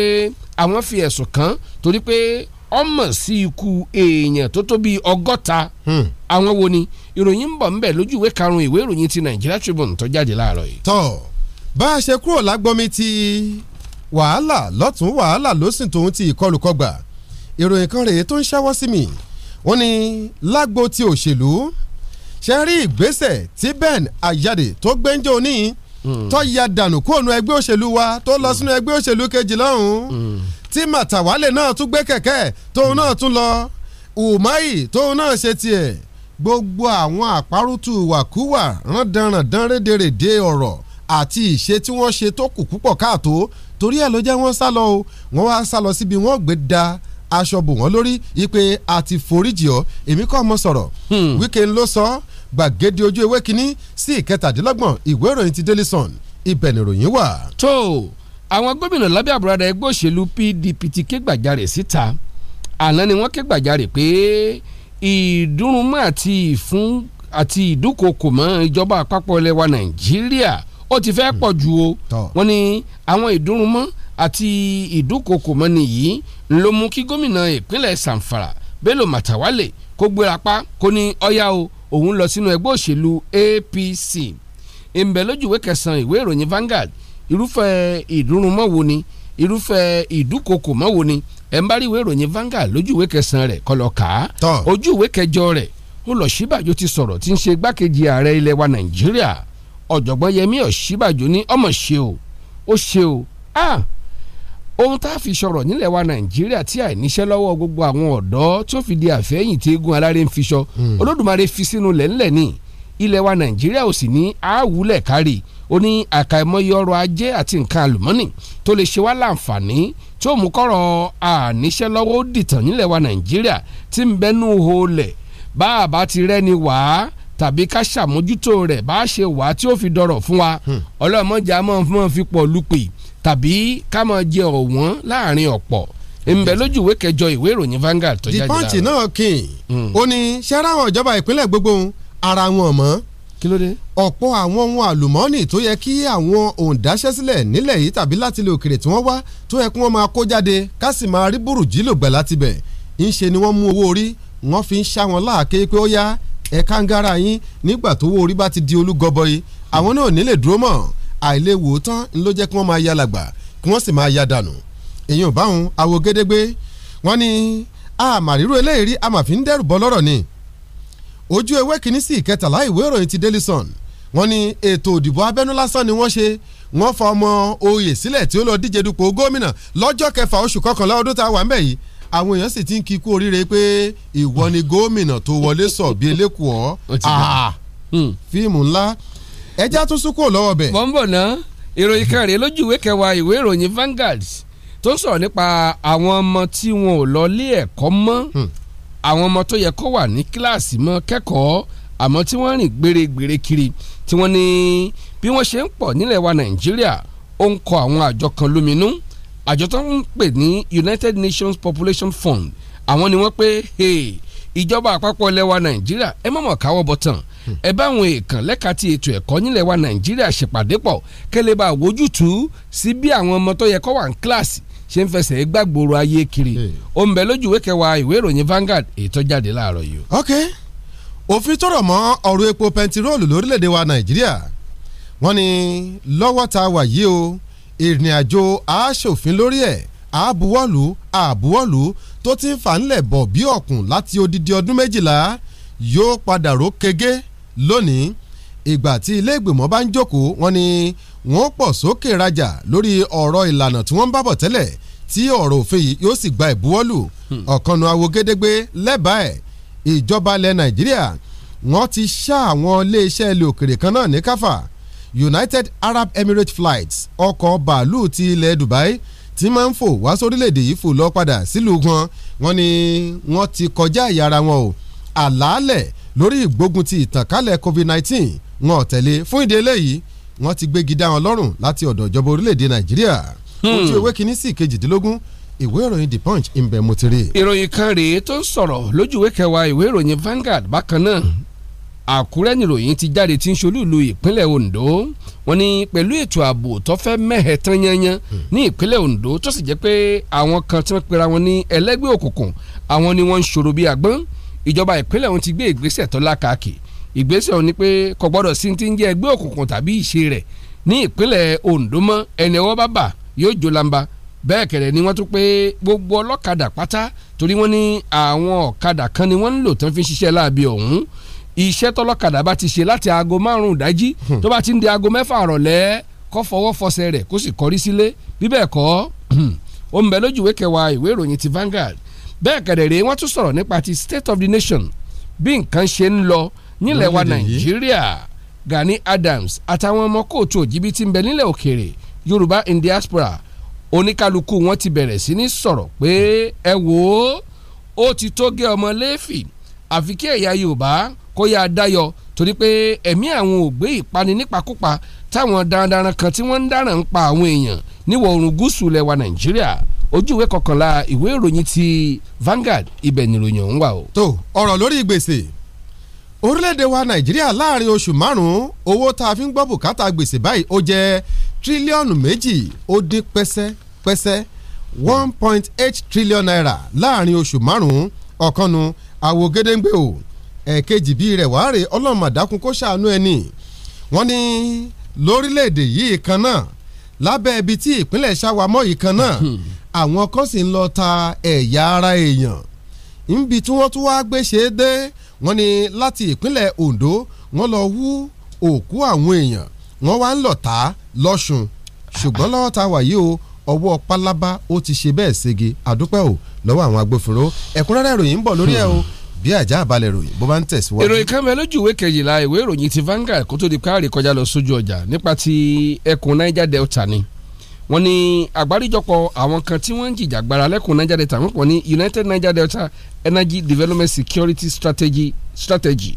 àwọn fi ẹ̀sùn kàn torí pé ọmọ sí ikú èèyàn tó tó bíi ọgọ́ta hmm. àwọn wo ni ìròyìn ń bọ̀ ń bẹ̀ lójú ìwé karùn-ún ìwé ìròyìn ti Nigeria Tribune tó jáde láàárọ̀ yìí. tọ́ọ̀ bá a ṣe kúrò lágbọ́mi ti wàhálà lọ́tún wàhálà lọ́sìn tòun ti ìkọlùkọgbà ìròyìn kan rèé tó ń ṣẹ́wọ́ sí mi wọ́n ní lágbo ti òṣèlú ṣe rí ìgbésẹ̀ tí Ben Ayade tó gbẹ́njọ́ òní hmm. tó ya dànù kó ẹgbẹ́ òṣèlú wa tó lọ sínú ẹgbẹ́ òṣèlú kejì lọ́hùn-ún hmm. tí Màtàwálé náà tún gbé kẹ̀kẹ́ tóun hmm. náà tún lọ Umahi tóun náà ṣe tiẹ̀ gbogbo àwọn àparùtù wàkúwà rán danrandan rédèrèdè ọ̀rọ̀ àti ìṣe tí wọ́n ṣe tó kù púpọ̀ káàtó torí ẹ̀ ló jẹ́ wọ́n sá lọ o wọ́n wá sá lọ síbi wọ́n gbé da aṣọ bò wọ́n lórí ipe àti foríjì ọ èmi kọ́ ọmọ sọ̀rọ̀ hmm. Wike ló sọ gbàgede ojú ewé kínní sí ìkẹtàdínlọ́gbọ̀n ìwé ìròyìn ti Daily Sun ibẹ̀ nìròyìn wà. tó o àwọn gómìnà lábẹ́ àbúradà ẹgbẹ́ òṣèlú PDP ti ké gbàjarè síta àná ni wọ́n ké gbàjarè pé ìdúrúmọ́ àti ìfún mọ́ ìjọba àpapọ̀ ilẹ̀ Nàìjíríà ó ti fẹ́ pọ̀ ju o wọ́n ní àwọn ìdúnrúmọ́ àti ìdúnkokò mọ́ni yìí ló mú kí gómìnà ìpínlẹ̀ Zamfara Bello Matawalle kó gbéra kó ní ọ̀yá o òun lọ sínú ẹgbẹ́ òṣèlú APC ìmbẹ̀ lójúwé kẹsàn-án ìwé ìròyìn Vanguard irúfẹ́ ìdúnrúmọ́ wo ni irúfẹ́ ìdúnkokò mọ́ wo ni ẹ̀ ń bá rí ìwé ìròyìn Vanguard lójúwé kẹsàn-án rẹ̀ kọ́ lọ kà á ojúwé kẹjọ rẹ̀ Ọlọ́ṣínbàjò ti sọ̀rọ̀ tí ń ṣe igbákejì ààrẹ ilẹ̀ wa Nàìjíríà ọ̀jọ̀gbọ́n yẹmí ọ̀ṣíbàjò ní ọmọ ṣe o ó ṣe o ah ohun tá a fi sọ̀rọ̀ nílẹ̀ wa nàìjíríà tí àìníṣẹ́ lọ́wọ́ gbogbo àwọn ọ̀dọ́ tí ó fi di àfẹ́yìn tí eégún aláré ń fiṣọ hmm. olódùmarè fi sínú lẹ́ńlẹ̀ ní ilẹ̀ wa nàìjíríà ò sì ní àwùlẹ̀ kárì ó ní àkàìmọye ọrọ̀ ajé àti nǹkan àlùmọ́nì tó lè ṣe wá láǹfààní tí ó mú kọ́rọ̀ àníṣẹ́ lọ́wọ́ dìtàn nílẹ̀ wa nàìjíríà tí ń bẹ́nu holẹ̀ bá a bá ti rẹ́ni wàá tàbí ká ṣàmójútó rẹ̀ bá a ṣe wà tí ó fi dọ̀rọ̀ fún wa hmm. ọlọ́mọjà máa fi pọ̀ lupè tàbí ká máa jẹ ọ̀wọ́n láàrin ọ̀pọ̀ nbẹ lójú ìwé kẹjọ ìwé ìròyìn Vanguard tó jáde lára. dìpọ́ǹtì náà kìn hmm. ó ní sẹ́ráwọ̀ ìjọba ìpínlẹ̀ gbogbo ara wọn mọ́ kí ló dé. ọ̀pọ̀ àwọn ohun àlùmọ́ọ́nì tó yẹ kí àwọn òǹdáṣẹ́sílẹ̀ nílẹ̀ yìí tàbí láti ilẹ̀ òkèrè tí wọ́n wá tó yẹ kí wọ́n máa kó jáde ká sì máa rí burújí lògbà láti bẹ̀ ńṣe ni wọ́n mú owó orí wọ́n fi ń ṣá wọn láàké pé ó yá ẹ kángára yín nígbà tó owó orí bá ti di olúgọbọyé àwọn náà nílè dúró mọ́ àìléwò tán ló jẹ́ kí wọ́n máa ya làgbà kí wọ́n sì máa ya dànù èyí ò báwọn awo gédégbé wọ́n ní àmàríró eléyìí rí àmàfin dẹ́rù bọ́ lọ́rọ̀ ni ojú ewé kìíní sí ìkẹtàlá ìwé ìròyìn ti Daily Sun wọ́n ní ètò òdìbò abẹ́nú lásán ni wọ́n ṣe wọ́n fa ọmọ oyè sílẹ̀ tí ó lọ díje dupò gómìnà lọ́jọ́ kẹfà oṣù kọkànlá ọdún tá a wà ń bẹ̀ yìí àwọn èèyàn sì ti ń kí kú oríire pé ìwọ ni gómìnà tó wọlé sọ bí elékùọ́ hmm. fíìmù ńlá ẹja tún sún kúrò lọ́wọ́ bẹ̀. wọ́n ń bọ̀ ná ìròyìn kan rèé lójú ìwé kẹwàá ìwé ìròyìn Vanguard tó ń sọ̀rọ̀ nípa àwọn ọmọ tí wọn ò lọ lé ẹ̀kọ́ mọ́ hmm. àwọn ọmọ tó yẹ kó wà ní kíláàsì mọ́ kẹ́kọ̀ọ́ àmọ́ tí wọ́n rìn gbèrègbèrè kiri tí wọ́n ní bí wọ́n ṣe ń pọ̀ nílẹ̀ wa Nàìjíríà ó ń kọ àwọn àjọ kan lóminú àjọ tó ń pè ní United Nations Population Fund àwọn ni wọ́n pé ìjọba àpapọ̀ lẹ́wà Nàìjíríà ẹ mọ̀mọ̀ káwọ́ bọ̀ tán ẹ bá àwọn èèkàn lẹ́ka ti ètò ẹ̀kọ́ nílẹ̀ wa Nàìjíríà ṣèpàdé pọ̀ kẹ́lẹ́ bá wojútùú sí bí àwọn ọmọ tó yẹ kó wà ní kíláàsì ṣe ń fẹsẹ̀ gbàgbóró ayé kiri hmm. ó ń bẹ lójú ìwé kẹwàá ìwé ìròyìn Vanguard èyí tó jáde láàárọ̀ yìí. ok òfin tó rọ̀ mọ́ epo pẹntiróòlù lórílẹ̀ wa Nàìjíríà wọ́n ní lọ́wọ́ ta wà yìí o ìrìn àjò aṣòfin lórí ẹ̀ àbúwọ́lù àbúwọ́lù tó ti ń fà ńlẹ̀ bọ̀ bí ọ̀kùn láti odidi ọdún méjìlá yóò padà ró kege lónìí ìgbà tí ilé ìgbìmọ̀ bá ń jókòó wọn ni wọ́n pọ̀ sókè rajà lórí ọ̀rọ̀ ìlànà tí wọ́n ń bábọ̀ tẹ́lẹ̀ tí ọ̀rọ̀ òfin yìí yóò sì gba ìbúwọ́lù hmm. ọ̀kanu awogedegbe lẹ́bàá ẹ̀ ìjọba ilẹ̀ nàìjíríà wọ́n ti ṣá àwọn iléeṣẹ́ ilé òkèrè kan náà ní káfà United Arab Emirates flights ọkọ̀ bàálù ti ilẹ̀ Dubai tí máa ń fò wá sórílẹ̀‐èdè yìí fò lọ padà sílùú wọn wọ́n ní wọ́n ti kọjá ìyá ara wọn o àlàálẹ̀ lórí ìgbógun ti ìtànkálẹ̀ covid nineteen. wọn ò tẹ̀lé fún ìdí eléyìí wọ́n ti gbégi dá wọn lọ́rùn láti ọ̀dọ̀ ìjọba orílẹ̀‐èdè Nàìjíríà hmm. ojú ewé kínní sí ìkejìdínlógún ìwé ìròyìn the punch ń bẹ mo ti rí. ìròyìn kan rèé tó ń sọ̀rọ̀ lójú ìwé kẹwàá ìwé ìròyìn Vanguard bákan náà àkúrẹ́ nìròyìn ti jáde tí ń ṣolúlu ìpínlẹ̀ ondo wọ́n ní pẹ̀lú ètò ààbò tó fẹ́ mẹ́hẹ̀ tán yanyan ní ìpínlẹ̀ ondo tó sì jẹ́ pé àwọn kan tí wọ́n pera wọn ní ẹlẹ́gbẹ́ òkùnkùn àwọn ni wọ́n ń ṣòro bí agbọ́n ìjọba ìpínlẹ̀ wọn ti gbé ìgbésẹ̀ tó lákàkì ìgbésẹ̀ wọn ni pé kò gbọ́dọ̀ sí ti ń jẹ́ ẹgbẹ́ òkùnkùn tàbí ìṣe rẹ̀ ní ìpínlẹ̀ ondo mọ́ ẹni ọwọ́ bá bà yóò jó lamba bẹ́ẹ̀ kẹ̀rẹ̀ ni wọ́n tún pé gbogbo ọlọ́kadà pátá torí wọ́n ní àwọn ọ̀kadà kan ni wọ́n ń lò tán fi ṣiṣẹ́ láabi ọ̀hún iṣẹ́ tọ́lọ́kadà bá ti ṣe láti aago márùn-ún ìdájí hmm. tó bá ti ń di aago mẹ́fà àrọ̀lẹ́ kó fọwọ́ fọsẹ̀ rẹ̀ kó sì kọrí sílé bí bẹ́ẹ̀ kọ́ ó ń bẹ lójú kẹwàá ìwé ìròyìn ti Vanguard bẹ́ẹ̀ kẹ̀dẹ̀ wọ́n tún sọ̀rọ̀ nípa ti state of the nation bí nǹkan ṣe ń lọ nílẹ̀ wa Nàìjíríà Gani Adams àtàwọn ọmọ kóòtù òjìbìtì ń bẹ nílẹ̀ òkèèrè Yorùbá in diaspora oníkálukú wọn ti bẹ̀rẹ̀ sí ní sọ̀rọ̀ pé ẹ wò ó ó ti tó gé ọmọ léèfì àfi kí ẹ̀yà Yorùbá kó yá a dayọ̀ torí pé ẹ̀mí àwọn ò gbé ìpani nípakúpa táwọn darandaran kan tí wọ́n ń dáràn ń pa àwọn èèyàn níwọ̀ oòrùn gúúsù lẹwa Nàìjíríà ojú kọkànlá ìwé ìròyìn ti Vanguard ibẹ̀ nìròyìn ọ̀hún wà o. tó ọ̀rọ̀ lórí gbèsè orílẹ̀-èdè wa Nàìjíríà láàrin oṣù márùn-ún owó tá a fi ń gbọ́ bùkátà gbèsè báyìí ó jẹ́ tírílíọ̀nù méjì ó dín pẹ́sẹ́pẹ́sẹ́ one point eight trillion naira láàrin oṣù márùn-ún ọ̀kanu àwògedengbe o ẹ̀ẹ̀kejì bíi rẹ̀ wáá rè ọlọ́run àdákun kó ṣàánú ẹni wọ́n ní lórílẹ̀‐èdè yìí kan náà lábẹ́ ibi tí ìpínlẹ̀ ṣàwámọ́ yìí kan náà àwọn kan sì ń lọ ta ẹ̀yà ara èèyàn níbi tí wọ́n tún wá gbé ṣe é dé wọ́n ní láti ìpínlẹ̀ Ondo wọ́n lọ wú òkú àwọn èèyàn wọ́n wá ń lọ tà lọ́sùn ṣùgbọ́n lọ́wọ́ ta wàyí o ọwọ́ pálábá ó ti ṣe bẹ́ẹ̀ sége àdúpẹ́ o lọ́wọ́ àwọn agbófinró ẹ̀kúnrẹ́rẹ́ ìròyìn ń bọ̀ lórí ẹ̀ o. bí àjà àbálẹ̀ ròyìn bó bá ń tẹ̀síwájú. ìròyìn kan bẹ lójú ìwé kejìlá ìwé ìròyìn ti Vanguard kó tó di káàrí kọjá lọ sójú ọjà nípa ti ẹkùn Niger Delta ni wọ́n ní àgbáríjọpọ̀ àwọn kan tí wọ́n ń jìjàgbara lẹ́kùn Niger Delta wọ́n pọ̀ ní United Niger Delta Energy Development Security Strategy, Strategy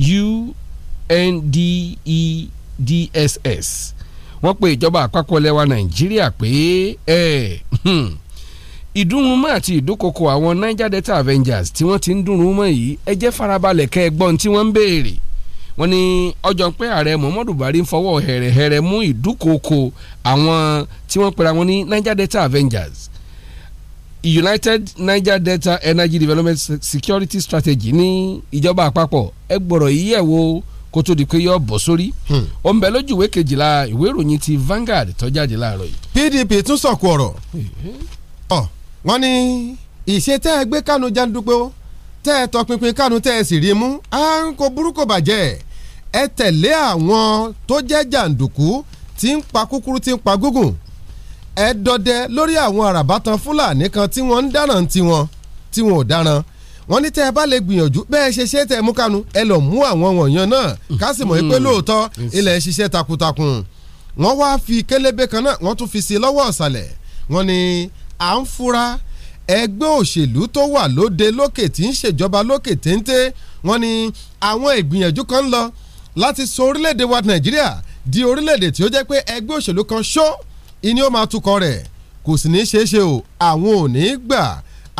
UNDEDSS wọ́n pe ìjọba àpapọ̀ ilẹ̀ wa Nàìjíríà pé ẹ̀ẹ́ ìdúnrún mọ́ àti ìdúnkokò àwọn Niger Delta Avengers tí wọ́n ti ń dúnrún mọ́ yìí ẹ jẹ́ farabalẹ̀ kẹ́ ẹ gbọ́n tí wọ́n ń béèrè wọ́n ní ọjọ́ pé ààrẹ Muhammadu Buhari ń fọwọ́ hẹ̀rẹ̀hẹ̀rẹ̀ mú ìdúnkokò àwọn tí wọ́n pera wọn ní Niger Delta Avengers United Niger Delta Energy Development Security Strategy ní ìjọba àpapọ̀ ẹ gbọ́dọ̀ yíyẹ̀wò kó tó di pé yọ bọ̀ sórí. Hmm. ó ń bẹ lójú ìwé kejìlá ìwé ìròyìn ti Vanguard tó jáde láàárọ̀ yìí. PDP tún sọ̀kù ọ̀rọ̀ wọ́n ní ìṣe tẹ́ ẹ gbé kánú jàǹdùpé ó tẹ́ ẹ tọpinpin kánú tẹ́ ẹ sì rí mú à ń kó burúkú bàjẹ́ ẹ tẹ̀lé àwọn tó jẹ́ jàǹdùkú tí ń pa kúkúrú tí ń pa gúngùn ẹ dọdẹ lórí àwọn àràbátan fúlàní kan tí wọ́n ń dáràn tiwọn tí wọn ò dáràn wọ́n ní tẹ́ ẹ bá lè gbìyànjú bẹ́ẹ̀ ṣe ṣe tẹ́ ẹ mú kánú ẹ lọ mú àwọn wọ̀nyàn náà kásìmọ̀ pé hmm. lóòótọ́ ilẹ̀ ṣiṣẹ́ takuntakun wọ́n wá fi kélébé kan náà wọ́n tún fi sí lọ́wọ́ ọ̀sàlẹ̀ wọ́n ní à ń fura ẹgbẹ́ òṣèlú tó wà lóde lókè tí ń ṣèjọba lókè téńté wọ́n ní àwọn ìgbìyànjú kan ń lọ láti sọ orílẹ̀-èdè wa nàìjíríà di orílẹ̀-èdè tí ó jẹ́ pé ẹgbẹ́ òṣèlú kan ṣó ìní ó máa tukọ̀ rẹ̀ kò sì ní ṣeé ṣe o àwọn ò ní gbà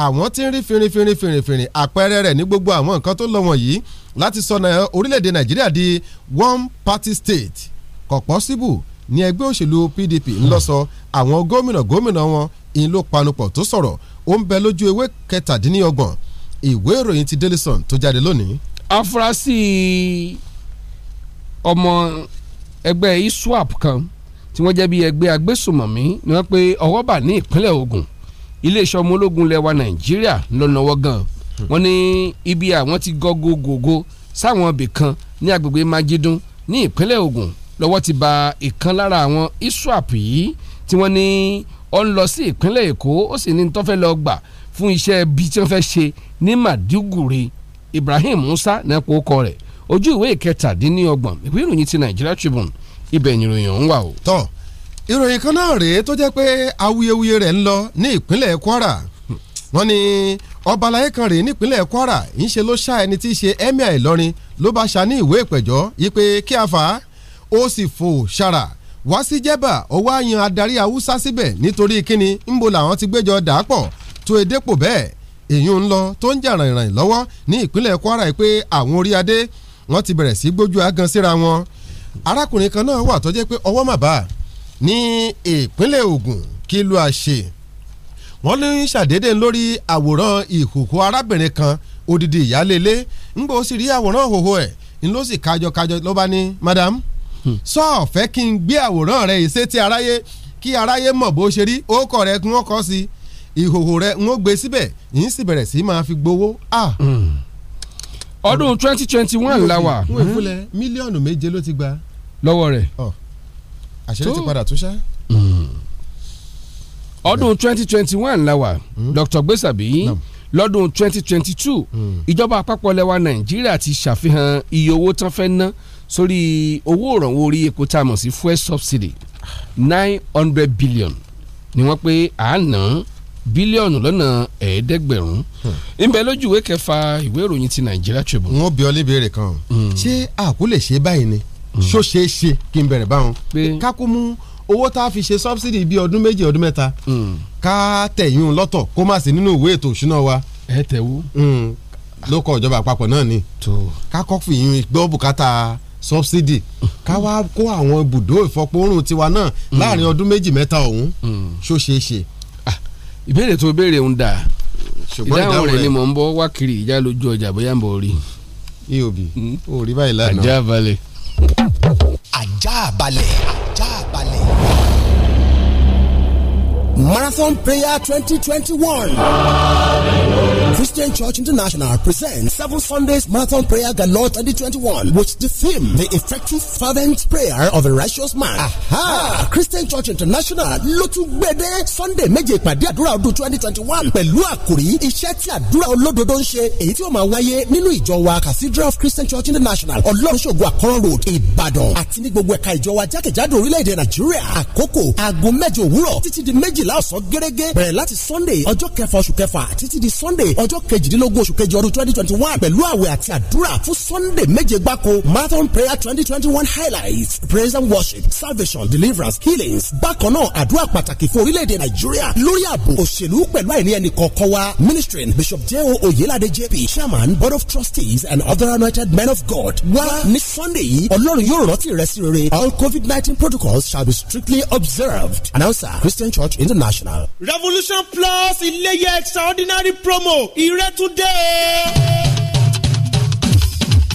àwọn tí ń rí fìrìfìrì fìrìfìrì àpẹẹrẹ rẹ̀ ní gbogbo àwọn nǹkan tó lọ wọ̀nyí láti sọ orílẹ̀-èdè nàìjíríà di one party state kò possible ní ẹgbẹ́ òṣèlú PDP ńlọ́sọ àwọn gómìnà gómìnà wọn in ló panupọ̀ tó sọ̀rọ̀ ó ń bẹ lójú ewé kẹtàdínlọ́gbọ̀n ìwé ìròyìn ti Daily Sun tó jáde lónìí. afurasí ọmọ ẹgbẹ́ ISWAP kan tí wọ́n jẹ́ bí ẹgbẹ́ agbésùmọ̀mí ni wọ́n pe ọwọ́ bà ní ìpínlẹ̀ Ògùn iléeṣẹ́ ọmọ ológun lẹwa Nàìjíríà lọ́nàwọ́ gan wọ́n ní ibi àwọn ti gọ́gógógó sáwọn ibì kan ní agbègbè Májídún ní ìpínlẹ̀ Ògùn lọ́wọ́ ti ba ìkan lára àwọn ISWAP yìí tí wọ́n ní ó ń lọ sí ìpínlẹ̀ èkó ó sì ní tó lọ gbà fún iṣẹ́ ibi tí wọ́n fẹ́ ṣe ní màdúgùrè ibrahim musa nípa ọkọ rẹ̀ ojú ìwé ìkẹtàdínlọ́gbọ̀n ìwé ìròyìn ti nigeria tribune ibẹ̀ ìròyìn ọ̀hún wà o. tọ́ ìròyìn kan náà rèé tó jẹ́ pé awuyewuye rẹ̀ ń lọ ní ìpínlẹ̀ kwara wọ́n ní ọba aláyé kan rèé nípínlẹ̀ kwara ń ṣe ló ṣá ẹni tí í ṣe emir ìlọrin ló bá ṣá ní ìwé ìpẹ̀jọ́ yí pé kí a fà á ó sì fò ṣàrà wá sí jẹ́bà ó wá yan adarí haúsá síbẹ̀ nítorí kíni ńbo làwọn ti gbéjọ dàápọ̀ tó e dépò bẹ́ẹ̀ èyí ń lọ tó ń jà ràìnràìn lọ́wọ́ ní ìpínlẹ̀ Kwara pé àwọn orí adé wọ́n ti bẹ̀rẹ̀ sí gbójú agan síra wọn arákùnrin kan náà wà tó jẹ́ pé ọwọ́ màbá ní ìpínlẹ̀ Ògùn kí ló a ṣe wọ́n ló ń ṣàdédé lórí àwòrán ìhòhò arábìnrin kan odidi ìyáálé ńgbọ́ sì rí àwòrán ìhòhò ẹ̀ ńlọ sì kájọkájọ ló bá ní madam Hmm. sọ ọ̀fẹ́ kí n gbé àwòrán rẹ ìṣe ti aráyé kí aráyé mọ̀ bó ṣe rí ókọ̀ rẹ kí wọ́n kọ́ sí ìhòhò rẹ ń ó gbé síbẹ̀ yìí sì bẹ̀rẹ̀ sí máa fi gbowó. Hmm. ọdún twenty twenty one la wà. wọ́n ìfúnlẹ̀ mílíọ̀nù méje ló ti gba. lọ́wọ́ rẹ̀. àṣírí ti padà tó ṣá hmm. ọdún twenty twenty one la wà Dr. Gbèsàbí lọ́dún twenty twenty two ìjọba àpapọ̀ lẹwa Nàìjíríà ti ṣàfihàn iye owó tán fẹ́ ná sórí owó òrànwó orí epo tá a mọ̀ sí fuel subsidy nine hundred billion ni wọ́n pé à ń ná bílíọ̀nù lọ́nà ẹ̀ẹ́dẹ́gbẹ̀rún hmm. ńbẹ lójú ìwé kẹfà ìwé ìròyìn ti Nàìjíríà Tribune. wọn bí ọ lébeere kan hmm. ṣé àkó lè ṣe báyìí ni hmm. ṣó ṣe é ṣe kí n bẹ̀rẹ̀ báwọn kákó mú owó tá a fi ṣe subsidy bíi ọdún méjì ọdún mẹ́ta ká tẹ̀yìn lọ́tọ̀ kó má sí nínú ìwé ètò ìṣúná wa. ẹ tẹ̀wó. ló kọ ìjọba àpapọ̀ náà ni ká kọ́ fìyìn gbọ́ bùkátà subsidy ká wá kó àwọn ibùdó ìfọpọ́rùn tiwa náà láàrin hmm. ọdún méjì mẹ́ta ọ̀hún hmm. ṣó ṣeé ṣe. Ah, ìbéèrè tó béèrè ń dà ìdáhùn rẹ̀ ni mò ń bọ̀ wá kiri ìjà lójú ọjà bóyá ń bọ̀ rí. eob o hmm. rí báyìí lánàá. ajá balẹ̀. ajá balẹ̀. ajá balẹ̀. marathon prayer twenty twenty one. Christian Church International presents Seven Sundays Marathon Prayer Gala 2021 with the theme The Effective Fervent Prayer of a Righteous Man. Aha! Ah, Christian Church International ló tún gbẹdẹ Sunday méje ìpàdé àdúrà ọdún 2021 pẹ̀lú àkòrí iṣẹ́ tí àdúrà olódodo ń ṣe èyí tí ó máa wáyé nínú ìjọ wa Cathedral of Christian Church International Ọlọ́runṣògo Àkọ́rọ́ Road Ìbàdàn àti ní gbogbo ẹ̀ka ìjọ wa jákèjádò orílẹ̀-èdè Nàìjíríà àkókò aago mẹ́jọ òwúrọ̀ títí di méjìlá ọ̀sán gẹ́gẹ́ bẹ̀rẹ̀ láti Sunday ọjọ́ kẹfà oṣù kẹfà títí di Sunday ọjọ́ ọjọ́ kejìdínlógún oṣù kejì ọdún twenty twenty one pẹ̀lú àwẹ̀ àti àdúrà fún sunday méje gbáko marathon prayer twenty twenty one highlights praise and worship salvation deliverance healings bákan náà àdúrà pàtàkì fún orílẹ̀-èdè nàìjíríà lórí ààbò òṣèlú pẹ̀lú àìní ẹnì kọ̀ọ̀kan wa ministry bishop jeo oyelade jp chairman board of trustees and other anointed men of god wá ní sunday yìí ọlọ́run yóò rántí rẹ sí rere all covid nineteen protocols shall be strictly observed announcer christian church international. revolution plus ilé yẹ extraordinary promo ìrẹ́túndé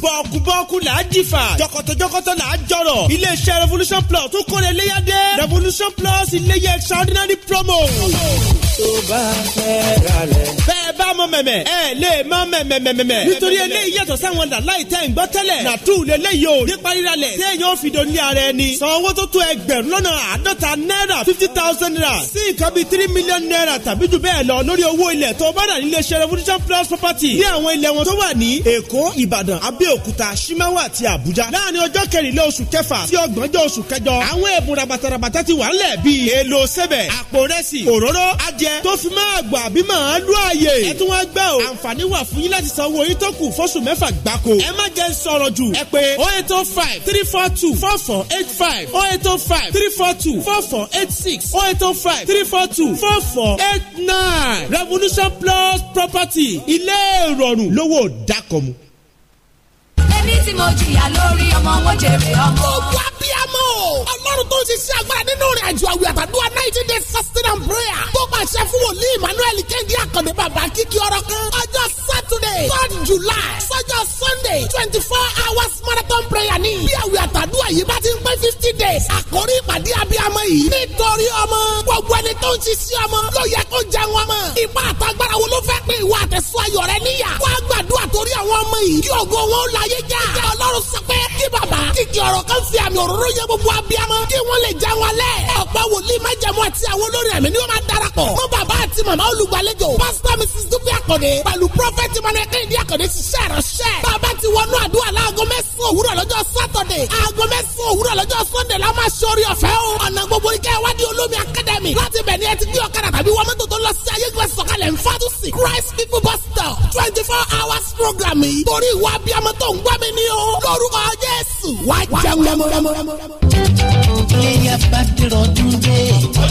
bọ́ọ̀kú-bọ́ọ̀kú là á jìfà jọkọ̀tọ̀jọkọ̀tọ̀ là á jọ̀rọ̀ iléeṣẹ́ revolution plus tó kọ́ni ẹlẹ́yàdé revolution plus iléyẹ extraordinary promo. Oh, oh tó bá fẹ́ ralẹ̀. bẹ́ẹ̀ bá mọ mẹ̀mẹ̀ ẹ lè má mẹ̀mẹ̀ mẹ̀mẹ̀. nítorí eléyìí yàtọ̀ sáwọn làláì tẹ̀ ń gbọ́ tẹ́lẹ̀. nàtú lélẹ́yìí o nípa ríralẹ̀ sẹ́yìn ó fi dòní ara ẹni. san owó tó tó ẹgbẹ̀rún lọ́nà àádọ́ta náírà fifty thousand naira sí nǹkan bíi three million naira tàbí jù bẹ́ẹ̀ lọ lórí owó ilẹ̀ tó bá rà nílé iṣẹ́ revolution plus property ní àwọn ilẹ̀ wọn tó wà ní èkó ìbàdàn abẹ́òkúta simawa àti àbújá láàrin ọjọ́ kẹrìnlá oṣù kẹfà sí ọgbọ̀njọ́ oṣù kẹjọ àwọn ẹ̀bùn rabatarabata ti wà ń lẹ̀ bíi èlò sẹ́bẹ̀ àpò rẹ́sì òróró aj jẹ tó fi máa gbà àbí máa lú àyè. ẹ tún wá gbẹ́ o àǹfààní wà fún yín láti san owó yín tó kù fóṣù mẹ́fà gbáko. ẹ má jẹ́ sọ̀rọ̀ jù ẹ pé oh eight oh five three four two four four eight five oh eight oh five three four two four four eight six oh eight oh five three four two four four eight nine revolution plus property ilé ìrọ̀rùn lówó dákọ̀mu torí tí mo jìyà lórí ọmọ wọn jèrè ọmọ. gbogbo abiyamọ ọlọ́run tó ń ṣiṣẹ́ agbára nínú rẹ̀ àjọ àwìn àtàdúrà ninety days sustain and prayer tó pàṣẹ fún wòlíì Emmanuel Kẹ́hìndé Àkàndé bàbá kíkí ọ̀rọ̀ kan ọjọ́ Saturday third July sọ́jọ́ Sunday twenty four hours marathon prayer ní. bí àwìn àtàdúrà yìí bá ti ń pẹ́ fifty days àkórí ìpàdé abiyamọ yìí nítorí ọmọ gbogbo ẹni tó ń ṣiṣẹ́ ọmọ ló yẹ kó jẹun ọmọ ìpá àtàgbára wo ló fẹ́ pé ìwà àtẹ̀sọ́ ayọ̀ rẹ níyà wọ́n á gbàdúrà torí àwọn ọmọ yìí kí ògo wọn ó láyé já Ẹja Ọlọ́run sọ pé kí bàbá kìkì ọ̀rọ̀ kan fi àmì òróró yẹ gbogbo abiyamọ kí wọ́n lè já wọn lẹ̀. Ọ̀pọ̀ wòlíì májẹ̀mú àti àwọn olórí ẹ̀mí ni wọ́n máa darapọ̀. Mọ bàbá àti màmá olùgbàlejò pásítọ̀ Mrs. Dúpẹ́ Àkàndé pẹ̀lú prọfẹ̀tì Mọ́nẹ́ Kéde Àkàndé ṣiṣẹ́ ránṣẹ́. Bàbá ti wọnú àdúrà láago mẹ́sàn-án òwúrọ̀ lọ́jọ́ Sátọ̀dé. Aago mẹ́sàn-án òwúrọ̀ lọ́jọ́ Sọ́ndé la máa ṣe orí ọ̀fẹ́ o. Ọ̀nà gbogbo ikẹ́ ìwádìí olómi akadẹ́mì. Láti bẹ̀ ni ẹ ti gbé ọ̀kadà tàbí wọ́n mọ́tò tó lọ sí ayégbèsọ̀kalẹ̀ ń fàdùsì. Christ twenty four hours program yìí torí ìwà abiyamọ tó ń gbọ́ mi ní o lórúkọ Jésù wá jẹun. èèyàn bá dèrò dúró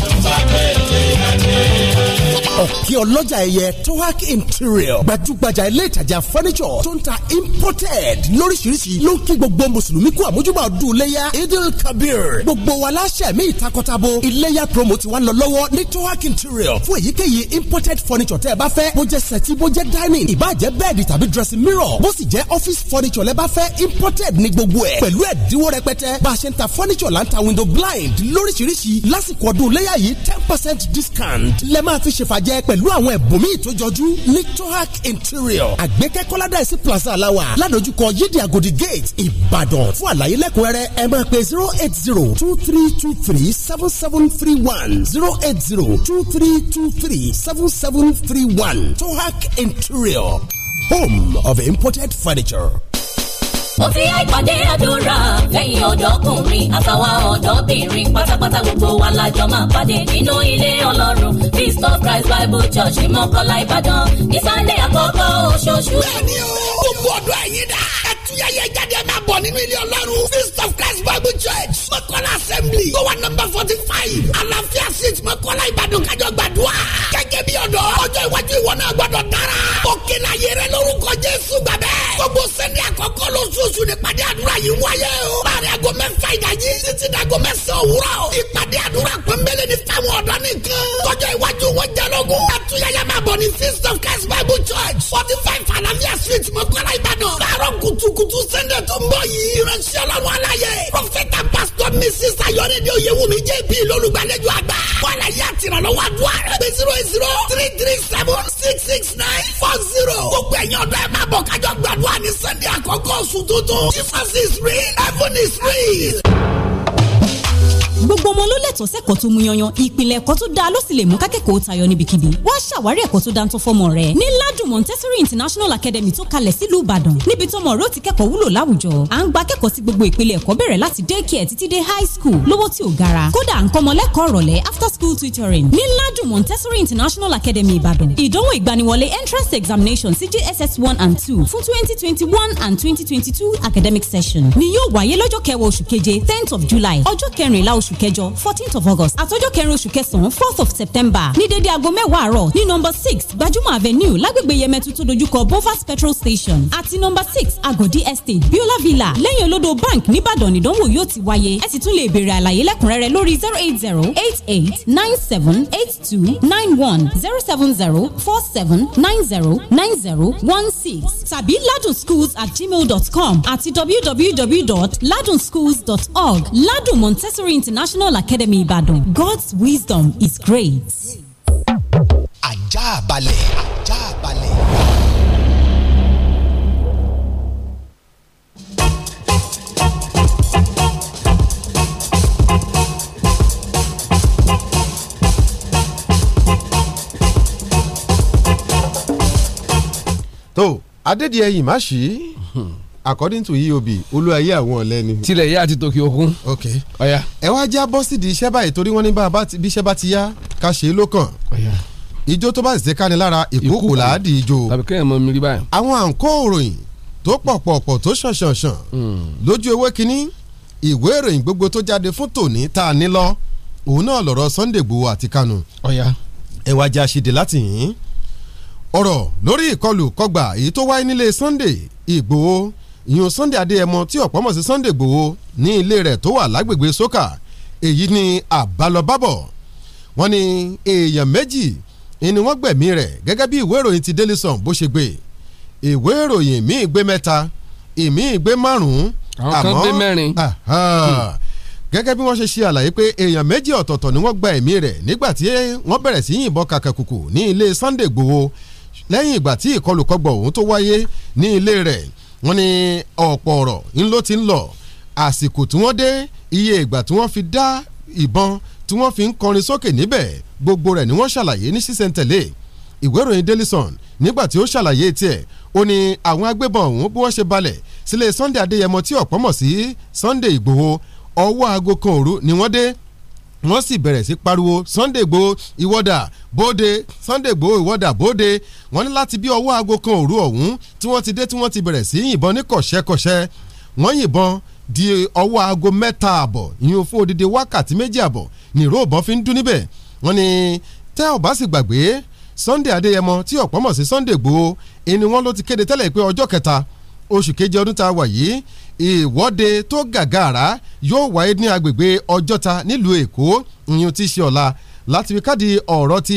kí ọlọ́jà ẹyẹ tohac interior gbajúgbajà ilé ìtajà furniture tó ń ta imported lóríṣiríṣi ló ń kí gbogbo mùsùlùmí kú àmójúbà ọdún iléyà idil kabir gbogbo wa láṣẹ mi ìtakọtabo iléyà promo ti wá lọ lọ́wọ́ ní tohac interior fún èyíkéyìí imported furniture tẹ́ ẹ bá fẹ́ bó jẹ́ sẹ́tí bó jẹ́ dining ìbáàjẹ́ bẹ́ẹ̀dì tàbí dressing mirror bó sì jẹ́ office furniture lẹ́ bá fẹ́ imported ní gbogbo ẹ̀ pẹ̀lú ẹ̀dínwó rẹpẹtẹ bá a ṣe ń ta furniture là window blind lóríṣiríṣi lásìkò ọdún iléyà yìí ten percent discount lẹ́ máa fi ṣèfàjẹ́ pẹ̀lú àwọn ẹ̀bùnmí ìtójọjú ní tohac interior àgbẹ̀kẹ́kọ́ládàsí plaza aláwà ládojúkọ yídì àgòdì gate ìbàdàn fún àlàyé lẹ́kùnrẹ́rẹ́ ẹ máa pe zero eight zero two three two three seven seven three one zero eight zero two three two three seven seven three one tohac interior home of imported furniture ó fi àìpàdé àdúrà lẹ́yìn ọ̀dọ́kùnrin àtàwa ọ̀dọ́bìnrin pátápátá gbogbo wa lájọ máa pàdé nínú ilé ọlọ́run feast of christ bible church ìmọ̀kọ́lá ìbàdàn ní sunday àkọ́kọ́ oṣooṣù. bẹ́ẹ̀ni o gbogbo ọdún ẹ̀yin dáa ayẹyẹ jáde máa bọ̀ nínú ilé ọlọ́run feast of christ bible church mọ́kànlá assembly tó wà nọmba forty five àlàáfíà street mọ́kànlá ìbàdàn kájọ gbàdúrà gẹ́gẹ́ bí ọ̀dọ́ ọjọ́ iwájú ìwọ náà gbọ́dọ̀ dára òkè la yẹrẹ lórúkọ jésù gbàgbẹ́ gbogbo sẹ́ni àkọ́kọ́ lóṣooṣù nípàdé àdúrà yìí wáyé o láàrin aago mẹ́fà ìdájí títí dàgọ́ mẹ́sàn-án òwúrọ̀ ìpàdé àdúrà pẹ́ńbélé ní fáwọn ọ̀dọ́ nìkan tọ́jọ́ iwájú wọn jalógun àtúnyẹyẹ máa bọ̀ ní feast of christ bible church forty five àlàáfíà street mọ́kànlá ìbàdàn láàárọ̀ kùtùkù kutu sẹ́ńdẹ̀ tó ń bọ̀ yìí ìránṣẹ́ ọlọ́run aláyẹ. pọfẹ́tà pásítọ̀ mrs ayọ̀rẹ́dẹ oyewumi jp lọ́lùgbàlejò àgbà. wàhálà yà tìrànlọ́wọ́ àdúrà rẹ̀ pé zero eight zero three three seven six six nine four zero. gbogbo ẹ̀yin ọ̀dọ́ ẹ̀ máa bọ̀ kájọ gbàdúrà ní sẹ́ńdẹ̀ àkọ́kọ́ oṣù tuntun. jesus is real heaven is real gbogbo ọmọ ló lẹ́tọ̀ọ́ sẹ́kọ̀ọ́ tó múyanyan ìpìlẹ̀ ẹ̀kọ́ tó dáa ló sì lè mú kákẹ́kọ̀ọ́ tayọ níbikíbi wá ṣàwárí ẹ̀kọ́ tó dáńtọ́ fọ́mọ rẹ ní ládùn montessori international academy tó kalẹ̀ sílùú ìbàdàn níbi tọ́mọ rẹ ó ti kẹ́kọ̀ọ́ wúlò láwùjọ à ń gba akẹ́kọ̀ọ́ sí gbogbo ìpìlẹ̀ ẹ̀kọ́ bẹ̀rẹ̀ láti daycare títí dé high school lówó tí gara kódà à ń kọ́mọ after school tutoring ní ládùn montessori international academy ìbàdàn ìdánwò ìgbaniwọlé entrance examination sí one and two fún twenty and twenty academic session ni yóò wáyé lọ́jọ́ kẹwàá tenth of july ọjọ́ kẹrìnlá oṣù oṣù kẹjọ fourteenth of august àtọjọ́ kẹrin oṣù kẹsàn fourth of september ní dédé aago mẹ́wàá àárọ̀ ní number six gbajúmọ̀ avenue lágbègbè yẹmẹtu tó dojúkọ bovas petrol station àti number six agodi estate biola villa lẹ́yìn olódò bank nìbàdàn ìdánwò yóò ti wáyé ẹ sì tún lè béèrè àlàyé lẹ́kùnrẹ́rẹ́ lórí zero eight zero eight eight nine seven eight two nine one zero seven zero four seven nine zero nine zero one six tàbí Schools at gmail dot com àti www dot ladunschools dot org ladun montessori international National Academy Ibadan. God's wisdom is great. Ajá balẹ̀, ajá balẹ̀. tó adédìyẹ yìí má ṣí hmm according to eob olúwayé àwọn ọ̀lẹ́ ni. tilẹ̀ yá àti tòkì okun. ok ọ̀ya. ẹ wá já bọ́ sídìí iṣẹ́ báyìí torí wọ́n ní bí iṣẹ́ bá ti yá ká ṣe é lókàn. ọ̀ya ijó tó bá ṣe káni lára ìkókò láàdì ijó. tàbí kẹ́hìn mọ mi rí báyìí. àwọn àǹkó òròyìn tó pọ̀pọ̀pọ̀ tó ṣànṣànṣàn hmm. lójú ewé kínní ìwé ìròyìn gbogbo tó jáde fún tòní tá a ní lọ òun náà lọ̀rọ̀ Sunday Igboho Sunday Igboho ìyún Sunday Adéyẹmọ tí ọ̀pọ̀ mọ̀ sí Sunday Igboho ní ilé rẹ̀ tó wà lágbègbè Sókà èyí ni àbálọbábọ̀ wọ́n ní èèyàn méjì ni wọ́n gbẹ̀mí rẹ̀ gẹ́gẹ́ bí ìwé ìròyìn ti Daily Sun bó ṣe gbé ìwé ìròyìn míì gbé mẹ́ta ìmíì gbé márùn-ún àmọ́ gẹ́gẹ́ bí wọ́n ṣe ṣe àlàyé pé èèyàn méjì ọ̀tọ̀ọ̀tọ̀ ni wọ́n gba ẹ̀mí rẹ̀ nígbà tí wọ́n bẹ̀rẹ̀ sí yìnbọn kàkàkùkù ní ilé Sunday Igboho lẹ́yìn ìgbà tí ìkọlùkọgbọ̀ ọ̀hún tó wáyé ní ilé rẹ̀ wọ́n ní ọ̀pọ̀ ọ̀rọ̀ ń ló ti ń lọ àsìkò tí wọ́n dé iye ìgbà tí wọ́n fi dá ìbọn tí wọ́n fi ń kọrin sókè níbẹ̀ gbogbo rẹ̀ ni wọ́n ṣàlàyé ní sísẹ̀ntẹ̀lé ìwé ìròyìn Daily Sun nígbà tí ó ṣàlàyé tiẹ̀ ó ní àwọn agbébọn ọ̀hún bí wọ́n ṣe balẹ̀ sílé Sunday Adéyẹmọ tí ọ̀pọ̀ mọ̀ sí Sunday Ìgbòho ọwọ́ aago kan òru ni wọ́n dé wọ́n sì bẹ̀rẹ̀ sí pariwo Sunday Igboho ìwọ́dà bóde Sunday Igboho ìwọ́dà bóde wọ́n ní láti bí ọwọ́ aago kan òru ọ̀hún tí wọ́n ti dé tí wọ́n ti bẹ̀rẹ̀ sí yìnbọn ní kọ̀ṣẹ́kọ̀ṣẹ́ wọ́n yìnbọn di ọwọ́ aago mẹ́ta àbọ̀ ìyẹn fún odidi wákàtí méjì àbọ̀ ní ìró ìbọn fi ń dún níbẹ̀ wọ́n ní tẹ́ ò sì gbàgbé Sunday Adéyẹmọ tí ọ̀pọ̀ mọ̀ sí Sunday Igboho ẹni wọ́n ló ti kéde tẹ́lẹ̀ pé ọjọ́ kẹta oṣù keje ọdún tá a wà yìí ìwọ́de tó gàgàrà yóò wáyé ní agbègbè ọjọ́ta nílùú èkó ìyún tí ṣe ọ̀la láti fi káàdì ọ̀rọ̀ ti